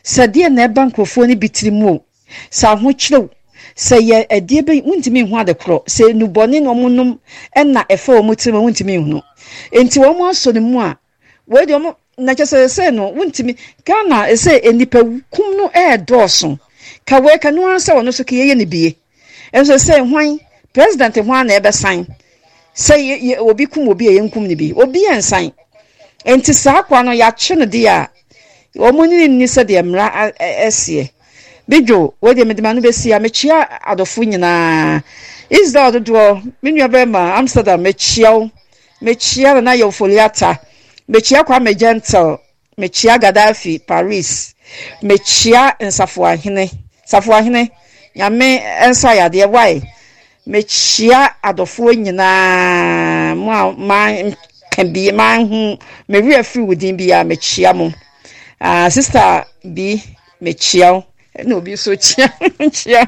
sɛ deɛ na ɛba nkurɔfoɔ no bi tiri mu o sɛ ahokyerɛw sɛ yɛ ɛdeɛ bɛ wontumi hu adekorɔ sɛ nubɔne na ɔmo nom ɛna ɛfɛ ɔmo tiri mu hu no. nti wɔn asɔ ne mu a wɔn de wɔn na kyerɛ sɛ ɛsɛ no wɔntumi ghana ɛsɛ nipa kum no ɛɛdɔɔso ka wee ka no ansa wɔn nso kɛyɛ yɛ ne bie ɛnso ɛsɛ hwan president hwan na ɛbɛsan sɛ yɛ obi kum obi a yɛnkum ne bi obi yɛ nsan nti saa akwa no yɛakye no deɛ a wɔn ne ni sɛdeɛ mmara ɛɛseɛ bidwo wɔde mɛdɛmɛ ano bɛsi a adɔfo nyinaa israel dodoɔ me bɛrima amsterdam mɛkyia wo. mekyia nana yɛ ofoliata kwa me gentle mekyia gaddafi paris mekyia nsafoahene nsafoahene nyame nsa yadeɛ wae mekyia adɔfoɔ nyinaa mu a man ka bi man ho mewura firi wo din bi a mekyia mo uh, sister bi mekyia wo na obi so kyia kyia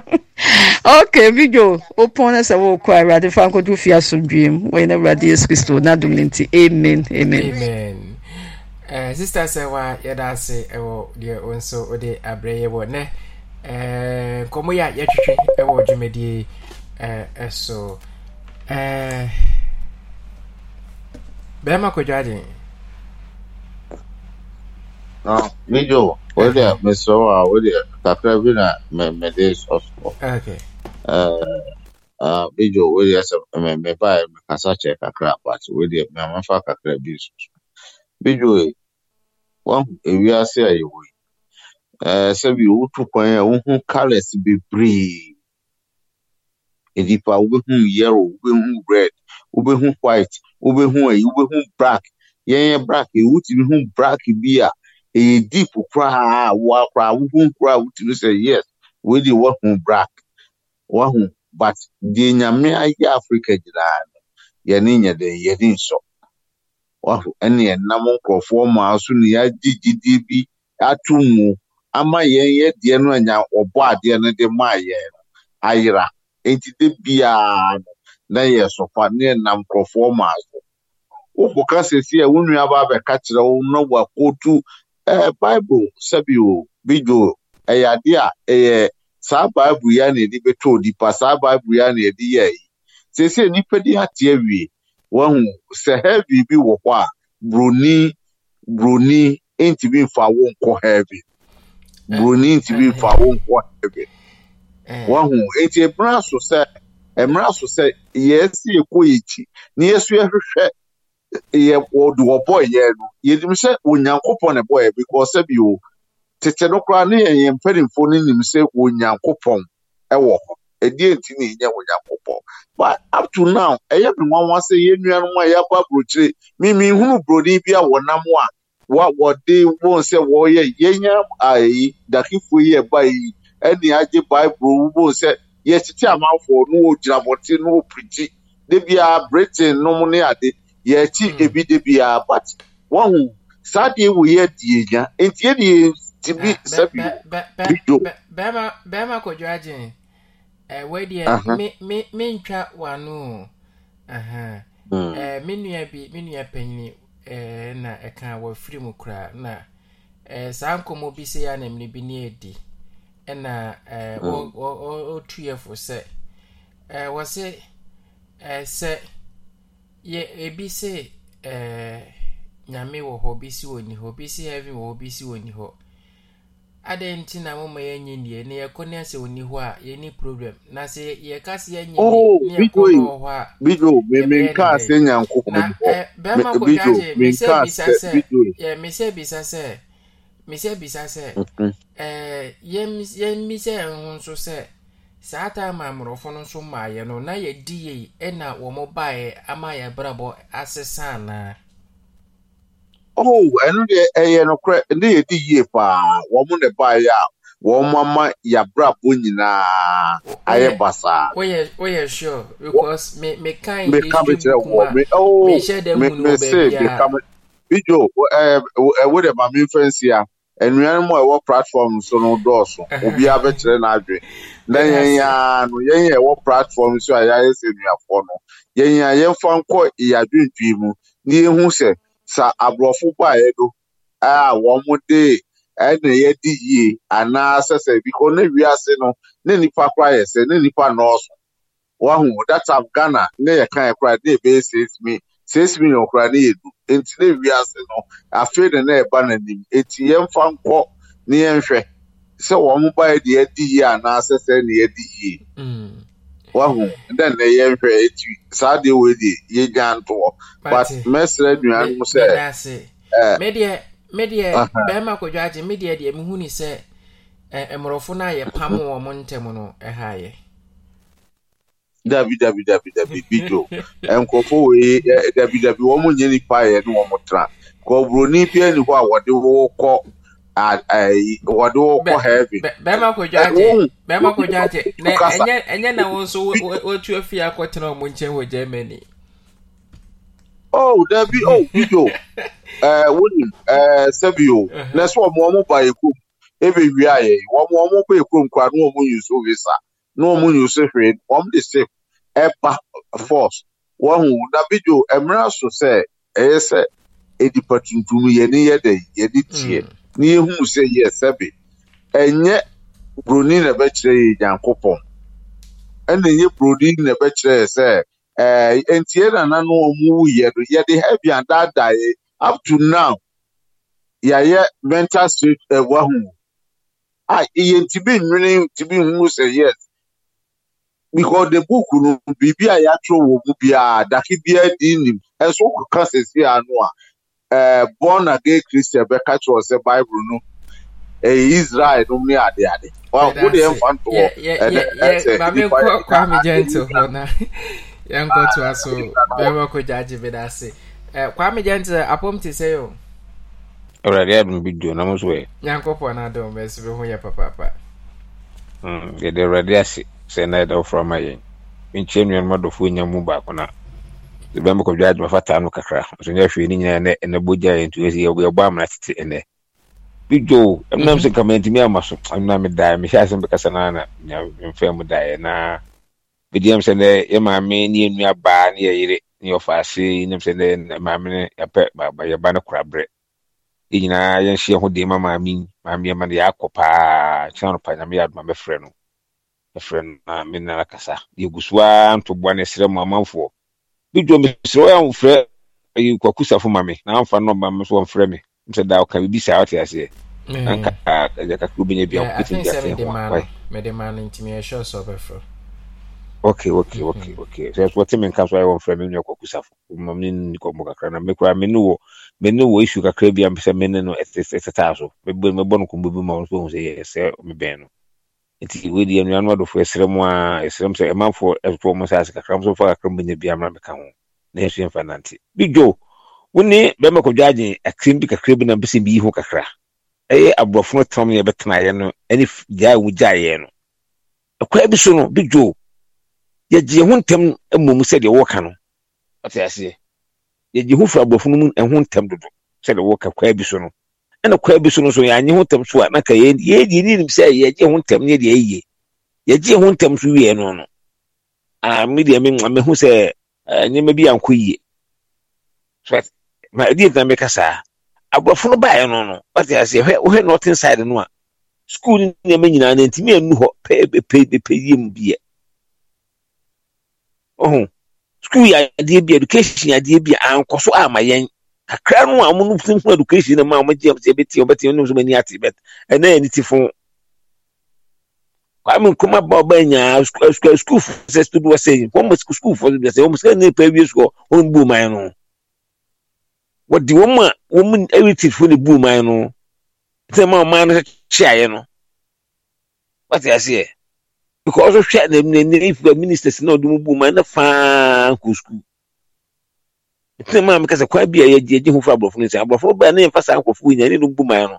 ok video wopɔn na sɛ wokɔ awurade fa nkɔdo fie asomdwee mu wɔyɛ no awurade yesu kristo nadom no nti amen amen Uh, sister sɛ wa yɛda ase ɛwɔ eh, deɛ wo nso wode abrɛ yɛ wɔ nɛ eh, nkɔmmɔ yɛ a yɛtwetwe ɛwɔ dwumadie ɛso bɛrima kɔdwa den No, ah, video. Where there, Miss Sowa, where there, Kakra Vina, me days of Okay. Uh, uh, video, where there's a me me buy me kasache kakra, but where there, me amafa kakra bisu. Video, eh, one, if eh, you are say you will. Uh, sɛ bi wotu kwan a wohu colours bebree nipa wobɛhu yellow wobɛhu red wobɛhu white wobɛhu ayi wobɛhu black yɛn yɛ black ewu ti bi black bi ɛyɛ deep koraa a wɔakora wohu koraa a wotumi sɛ yes wei wahu brak wahu but deɛ nyame africa nyinaa no yɛne nyɛ wahu ɛne ɛnam nkurɔfoɔ maa so ne bi ama biara na ya sɔfa ne ɛnam nkurɔfoɔ maa so a wo nua baa bɛka kyerɛ wo na ɛɛ bible sɛbi o video ɛyɛ ade a ɛyɛ saa bible yɛ na yɛde bɛtɔ nipa saa bible yɛ na yɛde yɛ yi sese nipa de ate awie wɔn sɛ heavy bi wɔ hɔ a broni broni ntumi nfa wo nkɔ heaven broni ntumi nfa wo nkɔ heaven wahu eti mmerɛ so sɛ mmerɛ so sɛ yɛsi ekɔ ekyi na yɛsi ɛhwehwɛ yɛ wɔde wɔbɔ yɛ no yɛnim sɛ onyankopɔn na ɛbɔyɛ because sɛbi o tete no koraa ne yɛn yɛn mpanimfoɔ no nim sɛ onyankopɔn ɛwɔ e, hɔ ɛdi e, eti na yɛnyɛ onyankopɔn but up to now ɛyɛ e, mi nwanwa sɛ yɛn nuanom a yɛabɔ aburokyire mimi nhunu buroni bi a wɔnam a wa wɔde wɔn sɛ wɔyɛ yɛnyɛ ayi dakifoɔ yi ɛba yi ɛne agye baibul wɔn sɛ yɛtete amanfoɔ no wɔ gyina abɔnten no wɔ pirikyi debia britain nom ne ade yɛakyi ebi de bi a but wɔn saa deɛ wɔyɛ die nya nti yɛ deɛ ti bi sɛbi bi do. bɛrima bɛrima kojú agye ɛwɛ deɛ mi mi mi ntwa wano ɛɛ mi nua bi mi nua panyin ɛɛ na ɛka wɔfiri mu kura na ɛɛ saa nkɔmɔ bi se ya na mmiri bi ne edi ɛna ɛɛ wɔ wɔ wɔtu yɛ fo sɛ ɛɛ wɔsi ɛɛ sɛ. yɛ ebi sɛ ɛɛ eh, nyame wɔ hɔ si wɔ ni hɔ si heaven wɔ obi si wɔ ni hɔ nti na mo ma nie na yɛkɔ sɛ hɔ a yɛni problem na sɛ yɛka nie oh, wɔ hɔ a bijo me me nka eh, sɛ bɛrima bisa sɛ yɛ bisa sɛ bisa sɛ ɛɛ saa time ma mmorɔfo no nso maayɛ no na yɛdi yei ɛna wɔn baeɛ ama yɛ asesa anaa. oh ɛno deɛ ɛyɛ ne yie paa wɔn na baeɛ a wɔn ama yɛabrabɔ nyinaa ayɛ basaa. woyɛ woyɛ sure because me me kan yi me oh, nnuane mu a ɛwɔ platform so no dɔɔso obiara bɛkyerɛ n'adwe na yɛn yaa no yɛn a ɛwɔ platform so a yɛayɛ sɛ nnuafoɔ no yɛn a yɛmfa nkɔ yɛadwendwi mu na yɛhu sɛ sa aborɔfo baeɛ no a wɔn de ɛna yɛdi yie anaa sɛ sɛ biko ne wiase no ne nipa kora yɛ sɛ ne nipa nɔɔso wahu that time ghana ne yɛ kan yɛ kora ne yɛ bɛyɛ six million. six million koraa ne yɛ du nti na ewiase no afei na na ɛba n'anim eti yɛmfa nkɔ ne yɛnhwɛ sɛ wɔn ba yɛ deɛ ɛdi yie anaasɛ sɛ ne yɛdi yie wahu dɛ na yɛnhwɛ eti saa deɛ wɔ deɛ yɛgya ntoɔ but mɛsrɛ nuanom sɛ ɛɛ mɛdeɛ mɛdeɛ bɛrima akɔdwa agye mɛdeɛ deɛ mihu ni sɛ ɛɛ mmorɔfo no a yɛpam wɔn ntɛm no ɛha eh, yɛ. dabi dabi dabi dabi bijo nkɔfo wei dabi dabi wɔn nyɛ nipa yɛ ne wɔn tra kɔburoni pia ni hɔ a wɔde wɔkɔ ayi wɔde wɔkɔ hɛɛbi. bɛɛma ko jaate bɛɛma ko jaate na ɛnyɛ ɛnyɛ na wɔn nso wɔtu afi akɔtena wɔn nkyɛn wɔ germany. oh dabi oh bijo ɛɛ wɔnim ɛɛ sɛbi o na so wɔn wɔn ba ekurom ebe wi ayɛ wɔn wɔn ba ekurom kora no wɔn yi nso visa na wɔn use hwee wɔn de sip ɛba force wɔn ho na video mmerɛ so sɛ ɛyɛ sɛ edipa tuntum yɛne yɛ dɛ yɛne tie hmm. na yɛhu sɛ yɛ sɛbi ɛnyɛ broni na ɛbɛkyerɛ yɛ nyankopɔn ɛna ɛnyɛ broni na ɛbɛkyerɛ yɛ sɛ ɛɛ ntie na nanu wɔn wu yɛ do yɛde heavy adaadaa yɛ up to now yɛayɛ mental state ɛwɔ ho a yɛn ti bi nwene ti hu sɛ yes because the book no biribi a yɛatwerɛ wɔ mu biara dake biara di nim ɛnso keka sɛsi ano a ɛɛ eh, born again christian bɛka kyerɛ sɛ bible no ɛyɛ eh, israel no ne ade ade wa wo de ɛnfa nto hɔ ɛnɛ ɛsɛ nipa yɛ kwame gentle hɔ na yɛn nkɔ to aso bɛrɛ kɔ gyaagye bi da ase ɛɛ eh, kwame gentle apɔm te sɛ yɛ o awurade adum bi do na mo so yɛ nyankopɔn na adum bɛsi bi ho yɛ papaapa hmm, yɛde awurade ase sɛ na ɛda wofra ma yɛn menkyerɛ nnuanom adɔfoɔ nya mu baako no bɛ mɛkɔdwa adwuma fataa no kakra nso nyɛ hwee ne nyinaa nɛ ɛnɛ bɔgya yɛ ntu ɛsi yɛbɔ amena tete ɛnɛ bidwo ɛmnam sɛ nkama ntumi ama so ɛmna medaeɛ mehyɛ asɛm bɛkasa no na memfɛ mu daeɛ na bɛdiam sɛ nɛ yɛ maame ne yɛnnua baa ni yɛyere ne yɛfaase nam sɛ nɛ maame no yɛpɛ yɛba no koraberɛ yɛ nyinaa yɛnhyɛ ho deɛ ma maame maame yɛma no yɛakɔ paa kyena no pa nyame yɛ adoma ɛfrɛ no na me nana kasa yɛgu so a ntoboa no ɛsrɛ mu amanfoɔ bidwo mesrɛ woyɛ amfrɛ ayi kwakusafo ma me na amfa nɔma me so wɔmfrɛ me sɛ da woka biribi saa wote aseɛ anka agya kakra wobɛnya bia wobɛtumi de asɛ ho okay okay okay okay sɛ wɔte me nka so ayɛ wɔmfrɛ me nyɛ kwakusafo ma me ne nkɔmmɔ kakra na mekora me ne wɔ me ne wɔ isu kakra bi a sɛ me ne no ɛtetaa so mebɔ no kɔmmɔ bi ma wo so hu sɛ yɛ sɛ mebɛn no nti wei deɛ nnuano adɔfo ɛsrɛ mu a ɛsrɛ mu sɛ ɛmanfoɔ ɛfo mu sɛ ase kakra nso fa kakra mu bɛnya bi amena meka ho na yɛso yɛmfa nante bi dwo wo bɛrima kɔdwa agye akrem bi kakra bi na mpɛ bi yi ho kakra ɛyɛ aborɔfo no tam ne yɛbɛtenaeɛ no ɛne gyaa wo gyaeɛ no ɛkwaa bi so no bi dwo yɛgye yɛho ntɛm mmom sɛdeɛ wɔka no ɔte aseɛ yɛgye ho firi aborɔfo no mu ɛho ntɛm dodo sɛdeɛ wɔka kwaa bi so no ɛna kwa bi so no so yɛanye ho ntɛm so a na ka yɛgye e nim sɛ yɛgye ho ntɛm ne deɛ ɛyɛ yɛgye ho ntɛm so wie no no a me deɛ me mehu sɛ nneɛma bi ankɔ yie so ma ɛdeɛ ntina meka kasa aborɔfo no baeɛ no no wate aseɛ hwɛ wohwɛ northern no a school ne nneɛma nyinaa no ntumi anu hɔ pɛpɛpɛpɛ yie mu biɛ ɔho school yɛ adeɛ bi education adeɛ ama yɛn kakra no a wɔn no ho education na mu a wɔgye ɛbɛti ɛbɛti ɛbɛti ɛnum so mani ate bɛt ɛnna yɛn ti fo kwame nkrumah ba ɔbɛn nyaa sukuu sukuu fo sɛ sukuu bi wɔ sɛ wɔn mo sukuu fo bi sɛ wɔn mo sɛ ɛnna epa ewie sukuu wɔn bu man no wɔde wɔn a wɔn ɛriti fo ne bu man no sɛ ɛma ɔman no hyɛ ayɛ no wɔte aseɛ because ɔhwɛ na na na ministers na ɔde mo bu man no faa nkɔ sukuu ntina maa mi kasa kwa bi a yɛgye yɛgye ho fa aborɔfo no nsɛm aborɔfo baa ne yɛmfa saa nkurɔfoɔ nyina ne no bu man no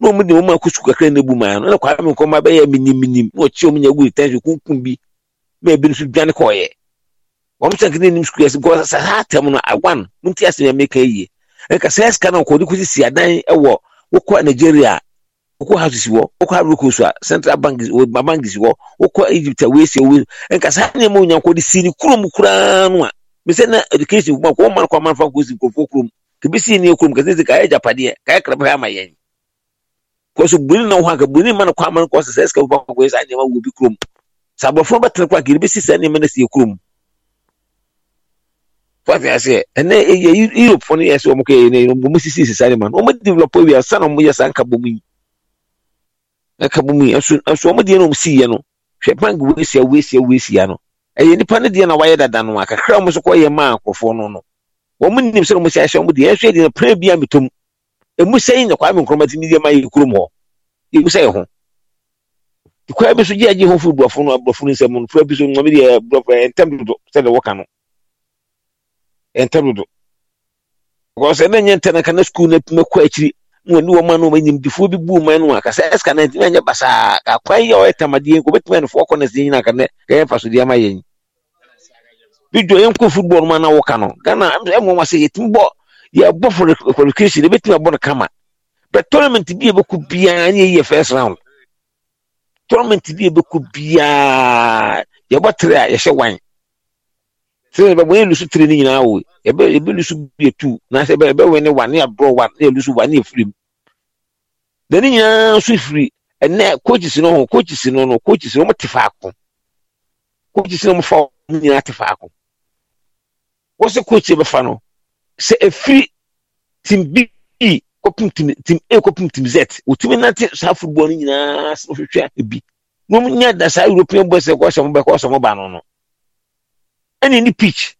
na ɔmo de ɔmo akusu kakra na bu man no na kwa mi nkɔmɔ abɛyɛ miniminim na ɔkye ɔmo nya gu tension kunkun bi na ebi nso dwane kɔɔyɛ wɔn sɛ nkene nim sukuu yɛ sɛ gɔɔ sɛ ha atɛm no awan mo nti asɛm yɛ meka yie nka sɛ ɛsika na ɔkɔɔ de kɔsi si adan ɛwɔ wokɔ nigeria wokɔ house si hɔ wokɔ abroko so a central bank bank si hɔ wokɔ egypt a wei si hɔ wei nka saa nneɛma onyankɔ de si ne kurom koraa no a mesɛ na education kuma ko man kwaman fa kosi nkurɔfoɔ kurom kebisi ne kurom kɛse sɛ kaayɛ gyapadeɛ kaayɛ krapa ama yɛn kɔso buni na wo ha ka buni ma e, e, e, no kwaman kɔ sɛ sɛ sika wo ba kɔ sɛ nneɛma wo bi kurom sɛ abɔfra bɛtena kɔ a kiri bɛsi nneɛma na sie kurom fati aseɛ ɛnɛ ɛyɛ europe fɔ ne yɛ sɛ wɔn kɛ yɛn yɛn wɔn sisi sisa ne ma no wɔn develop wi asa na wɔn yɛ saa nka bɔmu yi nka bɔmu yi ɛso ɛso wɔn deɛ na wɔn si yɛ no hwɛ bank wesia wesia wesia no ɛyɛ nipa ne deɛ na wayɛ dada no a kakra wɔn nso kɔ yɛ maa nkurɔfoɔ no no wɔn nim sɛ wɔn si ahyɛ wɔn deɛ ɛnso yɛ deɛ pere bi a metom emu sɛ yi na kwame nkrɔma ti ne deɛ ma yɛ kurom hɔ emu sɛ yɛ ho kwaa bi so gye agye ho firi burɔfo no aburɔfo no nsɛm no fura bi so nwami deɛ burɔfo eh, ɛntɛm dodo sɛ wɔka no ɛntɛm dodo wɔsɛ ne nyɛ ntɛnaka na sukuu na mɛkɔ akyiri na bi wɔn a wɔn anyim difoɔ bi bu wɔn ano ɛsika na ntoma nyɛ basa akwan yi a ɔyɛ tamadeɛ nko bɛtuma yɛn foɔ kɔnɛs yɛn nyinaa kanɛ kɛyɛ mfasodeɛ ama yɛn bi jɔ yɛn kɔ football mu a na wɔka no ghana ɛmu wɔn ase yɛtum bɔ yɛbɔ for qualification ebɛtuma bɔ no kama but tournament bi a bɛkɔ biara ne yɛyɛ first round tournament bi a bɛkɔ biara yɛbɔ tere a yɛhyɛ wan sɛ ɛbɛ wɔn lusu tiri ne nyinaa wo ɛbɛ ɛbɛ lusu bi etu n'asɛ ɛbɛ ɛbɛ wɔn ne wa ne aborɔ wa ne elusu wa ne efirim na ne nyinaa nso firi ɛnɛ si no ho si no no kookisi no wɔn te faako kookisi no wɔn fa wɔn nyinaa te faako wɔsɛ kookisi bɛfa no sɛ efiri tim b kɔpem tim tim E kɔpem tim z wotumi nante saa football no nyinaa sɛ ɔhwehwɛ ebi na wɔn nyɛ da saa european boys ɛkɔsɛn mo bɛ kɔsɛn mo ba no no ɛne ne pitch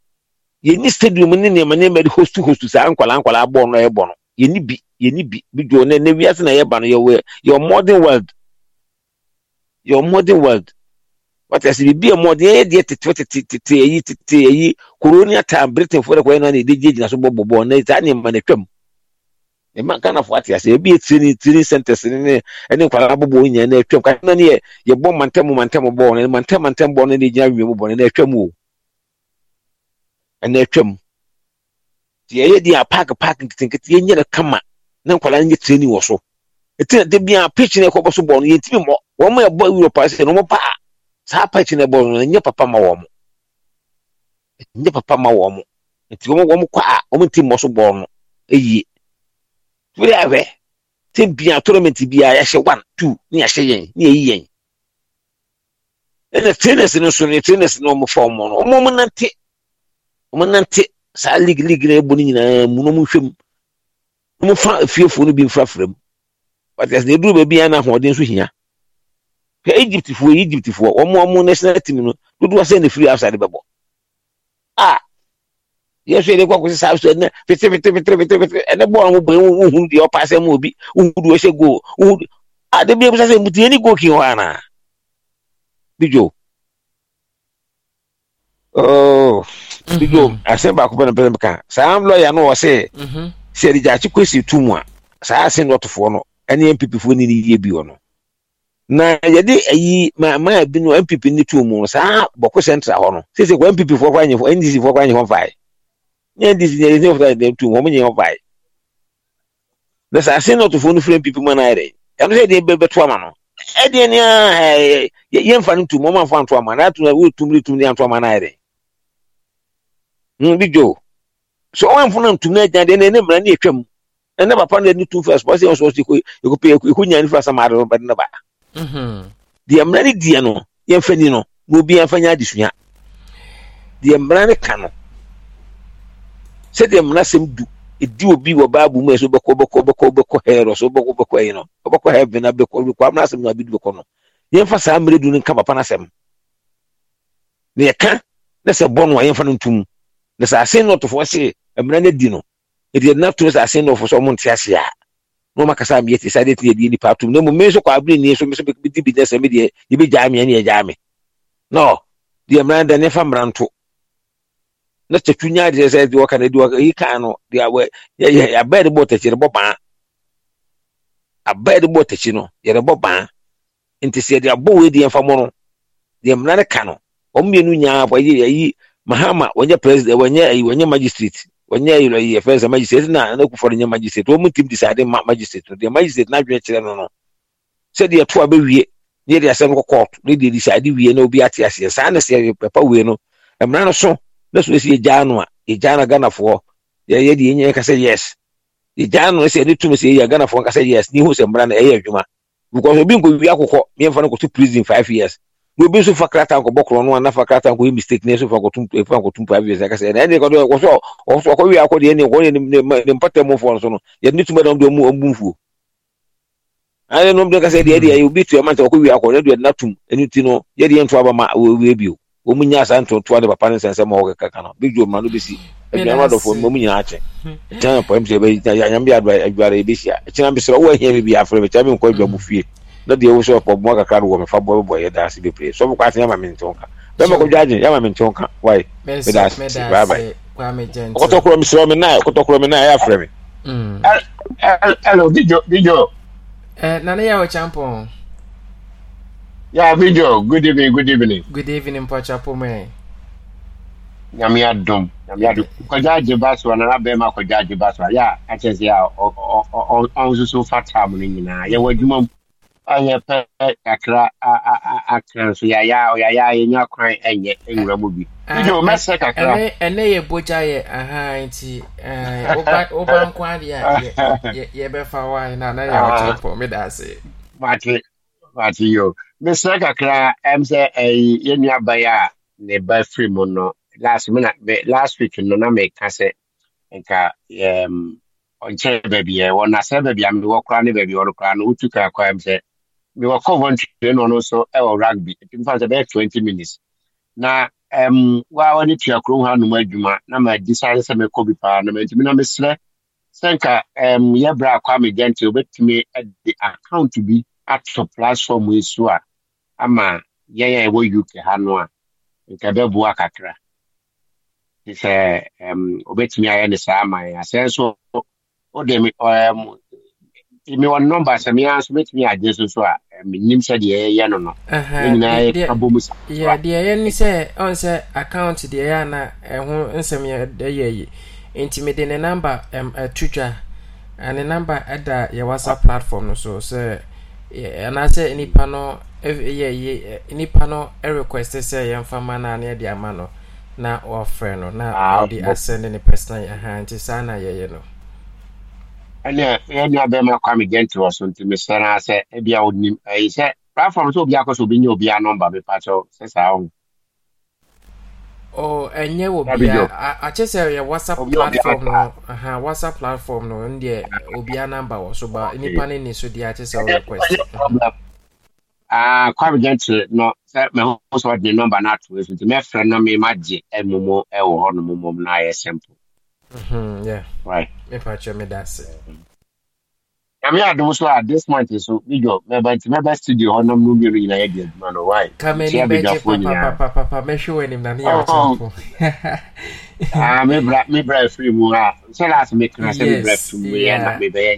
yɛni stadium ne nneɛma nneɛma de host host saa nkwalaa nkwalaa bɔɔl no ɛbɔ no yɛni bi yɛni bi bi duro na wiase na yɛba no yɛwɔ yɛ modern world yɛ modern world wata sɛ biribi yɛ modern yɛyɛ deɛ tete tete tete ɛyi tete ɛyi coronial time britain fo de kɔɛ na na yɛde gyinagyina so bɔbɔ bɔɔl na saa nneɛma na atwam ɛma ghana fo ate aseɛ ebi yɛ training training centres ne ne ɛne nkwadaa bɔbɔ nyinaa na atwam kakana ne yɛ yɛbɔ mantam mantam bɔɔl na mantam mantam bɔɔl na yɛde gyina wiem bɔɔl na atwam o ɛna atwam nti yɛyɛ deɛ a paake paake nketenkete yɛnyɛ no kama na nkwadaa no yɛ training wɔ so ɛti na dabi a pitch na ɛkɔbɔ so bɔ no yɛntumi mmɔ wɔn a ɛbɔ europe ayɛ sɛ wɔn paa saa pitch na ɛbɔ no ɛnyɛ papa ma wɔn ɛnyɛ papa ma wɔn nti wɔn wɔn kɔ a wɔn ti mmɔ so bɔ no ɛyie wuli ahwɛ tem bia tournament bia yɛhyɛ one two ne yɛhyɛ yɛn ne yɛyi yɛn ɛna trainers no nso no trainers no wɔn fa wɔn no wɔn nante ɔmɔnante saa league league na ɛbɔ no nyinaa mu na ɔmohwɛ mu na ɔmofa fiefoɔ no bi mfrafra mu batias na ɛduru baabi a na ahoɔden nso hia hwɛ egyptfoɔ egyptfoɔ wɔn wɔn national team no dodoɔ asɛn na firi outside bɛbɔ a yɛsɔ yɛde kɔ akɔsi saa so ɛnɛ fete fete fete fete fete ɛnɛ bɔɔl no bɔ ɛmu nhuru deɛ ɔpa asɛm obi nhuru deɛ ɔhyɛ goal nhuru a de bi ebusa sɛ mutu yɛn ni goal kin hɔ ana bi jo oh mm-hmm. bigo asɛm baako pɛ no pɛ ka saa lɔya no wɔ mm-hmm. sɛ sɛ ɛde gyaakye kwesi tu mu a saa ase no ɔtofoɔ no ɛne npp foɔ ne yie bi wɔ no na yɛde ayi maamaa bi no npp ne tu mu no saa bɔko central hɔ no sɛsɛ kɔ npp foɔ kɔ anyɛ hɔ ndc foɔ kɔ anyɛ hɔ fae nyɛ ndc nyɛ ndc foɔ kɔ tu mu wɔn nyɛ hɔ fae na saa ase no ɔtofoɔ no firi npp mu anayɛ dɛ ɛno sɛ ɛde bɛto ama no ɛdeɛ ne a yɛmfa no tu mu wɔn amfa nto ama na ato na wɔtum ne tum ne anto ama anayɛ dɛ Hmm, bi jo so wọn funu ntumi ɛgya deɛ na ɛne mmeran ne atwam ɛne papa no ɛne tum fɛs pɔsɛ ɔsɔ ɔsɔ ɛkɔ pɛ ɛkɔ nyaa nifa sama adi ɔbɛn ne ba mhm. deɛ mmeran ne deɛ no yɛn fɛ ni no na obi yɛn fɛ nyɛ adesua deɛ mmeran ne ka no sɛdeɛ mmeran sɛm du edi obi wɔ baabu mu ɛsɛ ɔbɛkɔ ɔbɛkɔ ɔbɛkɔ ɔbɛkɔ hɛrɛ ɔsɛ ɔbɛkɔ ɔbɛkɔ ɛyi no ɔbɛkɔ hɛrɛ bena ɔbɛkɔ ɔbɛkɔ amena asɛm na abi du bɛkɔ no yɛn fa saa mmerɛ du ne nka papa n'asɛm na yɛka na sɛ bɔ no a yɛn fa no ntum na sɛ ase nɔtofoɔ se mmara no adi no ɛdi ɛdina to sɛ ase nɔfoɔ sɛ ɔmo nte ase a na ɔmo akasa amiyɛ te saa de tiri yɛ nipa atum na mo nso kɔ abiri nie so nso bi di bi nɛsɛ mi deɛ yɛ bi gyaa miyɛ ne yɛ gyaa mi na ɔ deɛ mmara no da ne fa mmara nto na tɛtu nya deɛ sɛ deɛ ɔka na deɛ ɔka yi kan no deɛ awɛ yɛ yɛ abɛɛ de bɔ tɛkyi de bɔ ban abɛɛ de bɔ tɛkyi no yɛ de bɔ ban nti sɛ deɛ abɔ wei deɛ nfa mo no deɛ mmara no ka no ɔmo mmienu nyaa bɔ yi yɛ mahama wɔnyɛ president wɔnyɛ ayi wɔnyɛ magistrate wɔnyɛ ayi lɔyi yɛfɛ sɛ magistrate na ne kufɔ de nyɛ magistrate wɔn mu ti decide ma magistrate no deɛ magistrate n'adwene kyerɛ no no sɛdeɛ to a bɛ wie ne yɛde asɛm kɔ court ne deɛ decide wie na obi ate aseɛ saa na sɛ pɛpa wie no mmerɛ no so na so esi egyaa no a egyaa no ghanafoɔ yɛyɛ deɛ enyɛ kasa yes egyaa no sɛ ɛde tum sɛ eya ghanafoɔ kasa yes ne ihu sɛ mmerɛ no ɛyɛ adwuma because obi nkɔ wie akokɔ mmiɛnfa no kɔto prison five years na obi nso fa krataa nkɔbɔ korɔ no a na fa krataa nkɔyɛ mistake na nso fa nkɔtum fa nkɔtum pa abiesa kasa ɛna ɛna ɛkɔdɔ ɔkɔsɔ ɔkɔsɔ ɔkɔwie akɔ deɛ ne nkɔyɛ ne ne mpata mu fɔ no yɛde ne tuma dɔm de ɔmu ɔmu nfuo ayɛ nom de kasa deɛ deɛ obi tu ɛma nta ɔkɔwie akɔ ne deɛ natum ɛnu ti no yɛ deɛ nto aba ma owie bio wɔn nyɛ asa ntotoa ne papa ne nsɛnsɛm a ɔkeka kan no bi dwo ma no bi si aduane adɔfo no wɔn nyinaa akyɛ ɛkyɛn pɔm sɛ ɛbɛyi anyam bi adwa adwa ɛbɛhyia ɛkyɛn na deɛ wosɛ ɔpɔboma kakra no wɔ mefa bɔ bɛbɔ yɛ daase bebree sɛ mokɔ ase yɛma me ntewo ka bɛma kɔgya agye yɛma me ntewo ka wae medasekɔtɔ korɔ meserɛ me na kɔtɔ korɔ me na ɛyɛ afrɛ me hello dijo dijo nane yɛ wɔ champɔn Yeah, video. Good evening. Good evening. Good evening, Pachapome. Nyame adom. Nyame adom. Kwaja Jibaswa na bema Kwaja Jibaswa. Yeah, I just yeah, on so so far time ni nyina. Yeah, wadwuma onye pɛ kakra akra nso yaya ya yɛnya kwan ɛnyɛ nwura mu bi ah, o mɛsɛ kakra ɛnɛ yɛ bogya yɛ ahan nti ya nko adeɛ a na na yɛwɔkyerɛ ah. pɔ meda ase mate yo mesrɛ kakra ɛm sɛ ɛyi ya bae a ne ba firi mu no last last week no na sɛ nka baabi na sɛ baabi a ne baabi no wotu sɛ mewɔ coventry no ɔno nso wɔ rugby nti mfa sɛ bɛyɛ twenty minutes na um, wa wɔne tua kurom ha nom adwuma na madi sane sɛ mekɔ bi paa na mantumi na mesrɛ sɛ nka um, yɛbrɛ akɔ amegyante wobɛtumi de account bi ato platform yi so a ama yɛn a ɛwɔ uk ha no a nka ɛbɛboa kakra nti sɛ um, wobɛtumi ayɛ ne saa ama yɛn asɛ nso wode um, mi wɔ nɔmba sɛ mi nso mɛtumi agye so uh, so a menim sɛ deɛ ɛyɛ no no nyinaa yɛ abɔ mu sa. yɛ deɛ ɛyɛ ne sɛ ɔn sɛ account deɛ ɛyɛ ana ɛho nsɛm yɛ ɛyɛ yi nti mede ne namba ɛtu dwa ne namba ɛda yɛ whatsapp platform no so sɛ anaasɛ nipa no yɛ yɛ nipa no request sɛ yɛmfa ma na ne yɛde ama no na wɔafrɛ no na ɔde asɛnde ne personal yɛ eh, ha nti eh, saa na yɛyɛ no. ɛne yɛ nuabɛrima kwame genti wɔ so nti mesɛ no sɛ ebia wonim ɛyi sɛ platform sɛ obi akɔ sɛ obɛnya obia nɔmba mepa kyɛw sɛ saa wo oh, ɛnyɛ wɔ bia akyɛ sɛ yɛ whatsapp platform no aha whatsapp platform no obia namba wɔ so ba ne ne so deɛ akyɛ sɛ ah, kwame no sɛ sɛ ne nɔmba no so nti mɛfrɛ no memagye hɔ no no ayɛ simple mm-hmm, yeah right mepakyɛ meda ase nyame adom so a this month so medwɔ mɛba nti mɛba studio hɔ nom no mmienu nyinaa yɛde adwuma no wy kamani bɛgye papapapa mɛhwɛ w'anim na ne yɛwotɔmpo oh, oh. ah, mebra mebra afiri mu ah, a sɛ last mekra sɛ mebra afiri mu yɛ na mebɛyɛ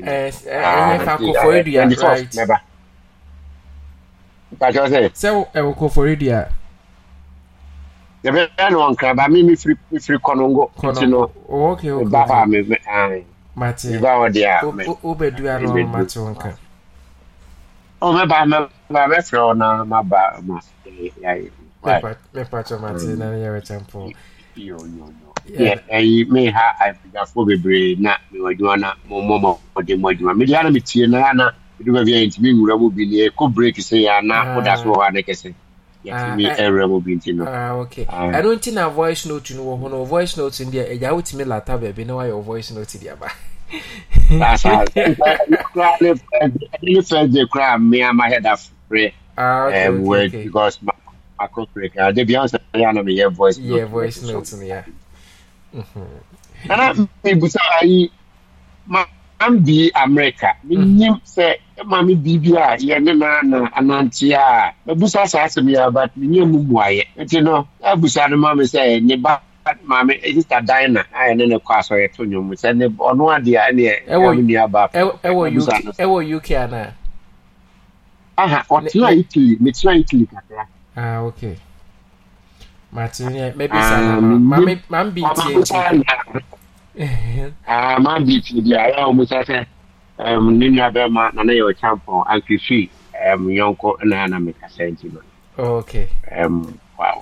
ɛyɛ fa kɔfɔredua right mɛba mpakyɛ sɛ sɛ ɛwɔ kɔfɔredua yɛbɛyɛ no wɔnkraba me mefiri mefiri kɔnongo nti no meba oh, hɔ a meba hɔ deɛ mɛba mɛba mɛfrɛ hɔ na maba ma ɛyi meha apigafoɔ bebree na mewɔ adwuma na mommɔ mɔde mmɔ adwuma mede ana metie na ana mede baabi a ɛntimi nwura mu bi ne ɛkɔ break sɛ yɛ ana ah. woda so wɔ hɔ a kɛsɛ ɛrɛ mobility no okay ɛno nti na voice note no wɔ ho no voice note eh, no deɛ agya wotumi lata baabi na woayɛ voice note de aba ne first day koraa mmea mahɛ da frɛ word because makɔ break ade bia sɛ ɛyɛ na meyɛ voice note voice note no ya ana mebusa ayi mam bi america menyim mm-hmm. sɛ maame biribi a yɛne naana anante a mabusa saa asɛm yɛ but menyɛ mu mmuayɛ nti no abusa no maame sɛ ne ba maame eh, sista dina a ɛne ne kɔ asɔre to nnwom sɛ ne ɔno adeɛ ɛneɛ ɛwɔ nuaba ɛwɔ uk anaa aha ɔtena italy metena italy kakra ah okay martin eh, ah, mebisa no maame maame bi tie tie ah maame bi tie deɛ ayɛ a ɔmo sɛ sɛ um, ne nua na ne yɛ ɔkyamfo ankefi um, yɔnko na na mekasa nti no okay. um, mm-hmm. wa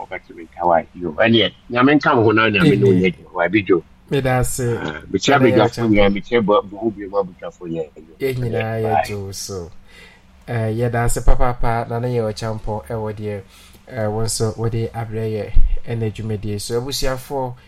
so uh, eh, papapa na ne yɛ ɔkyampo ɛwɔ e deɛ eh, wo nso wode abrɛ yɛ ɛna adwumadie so abusuafoɔ e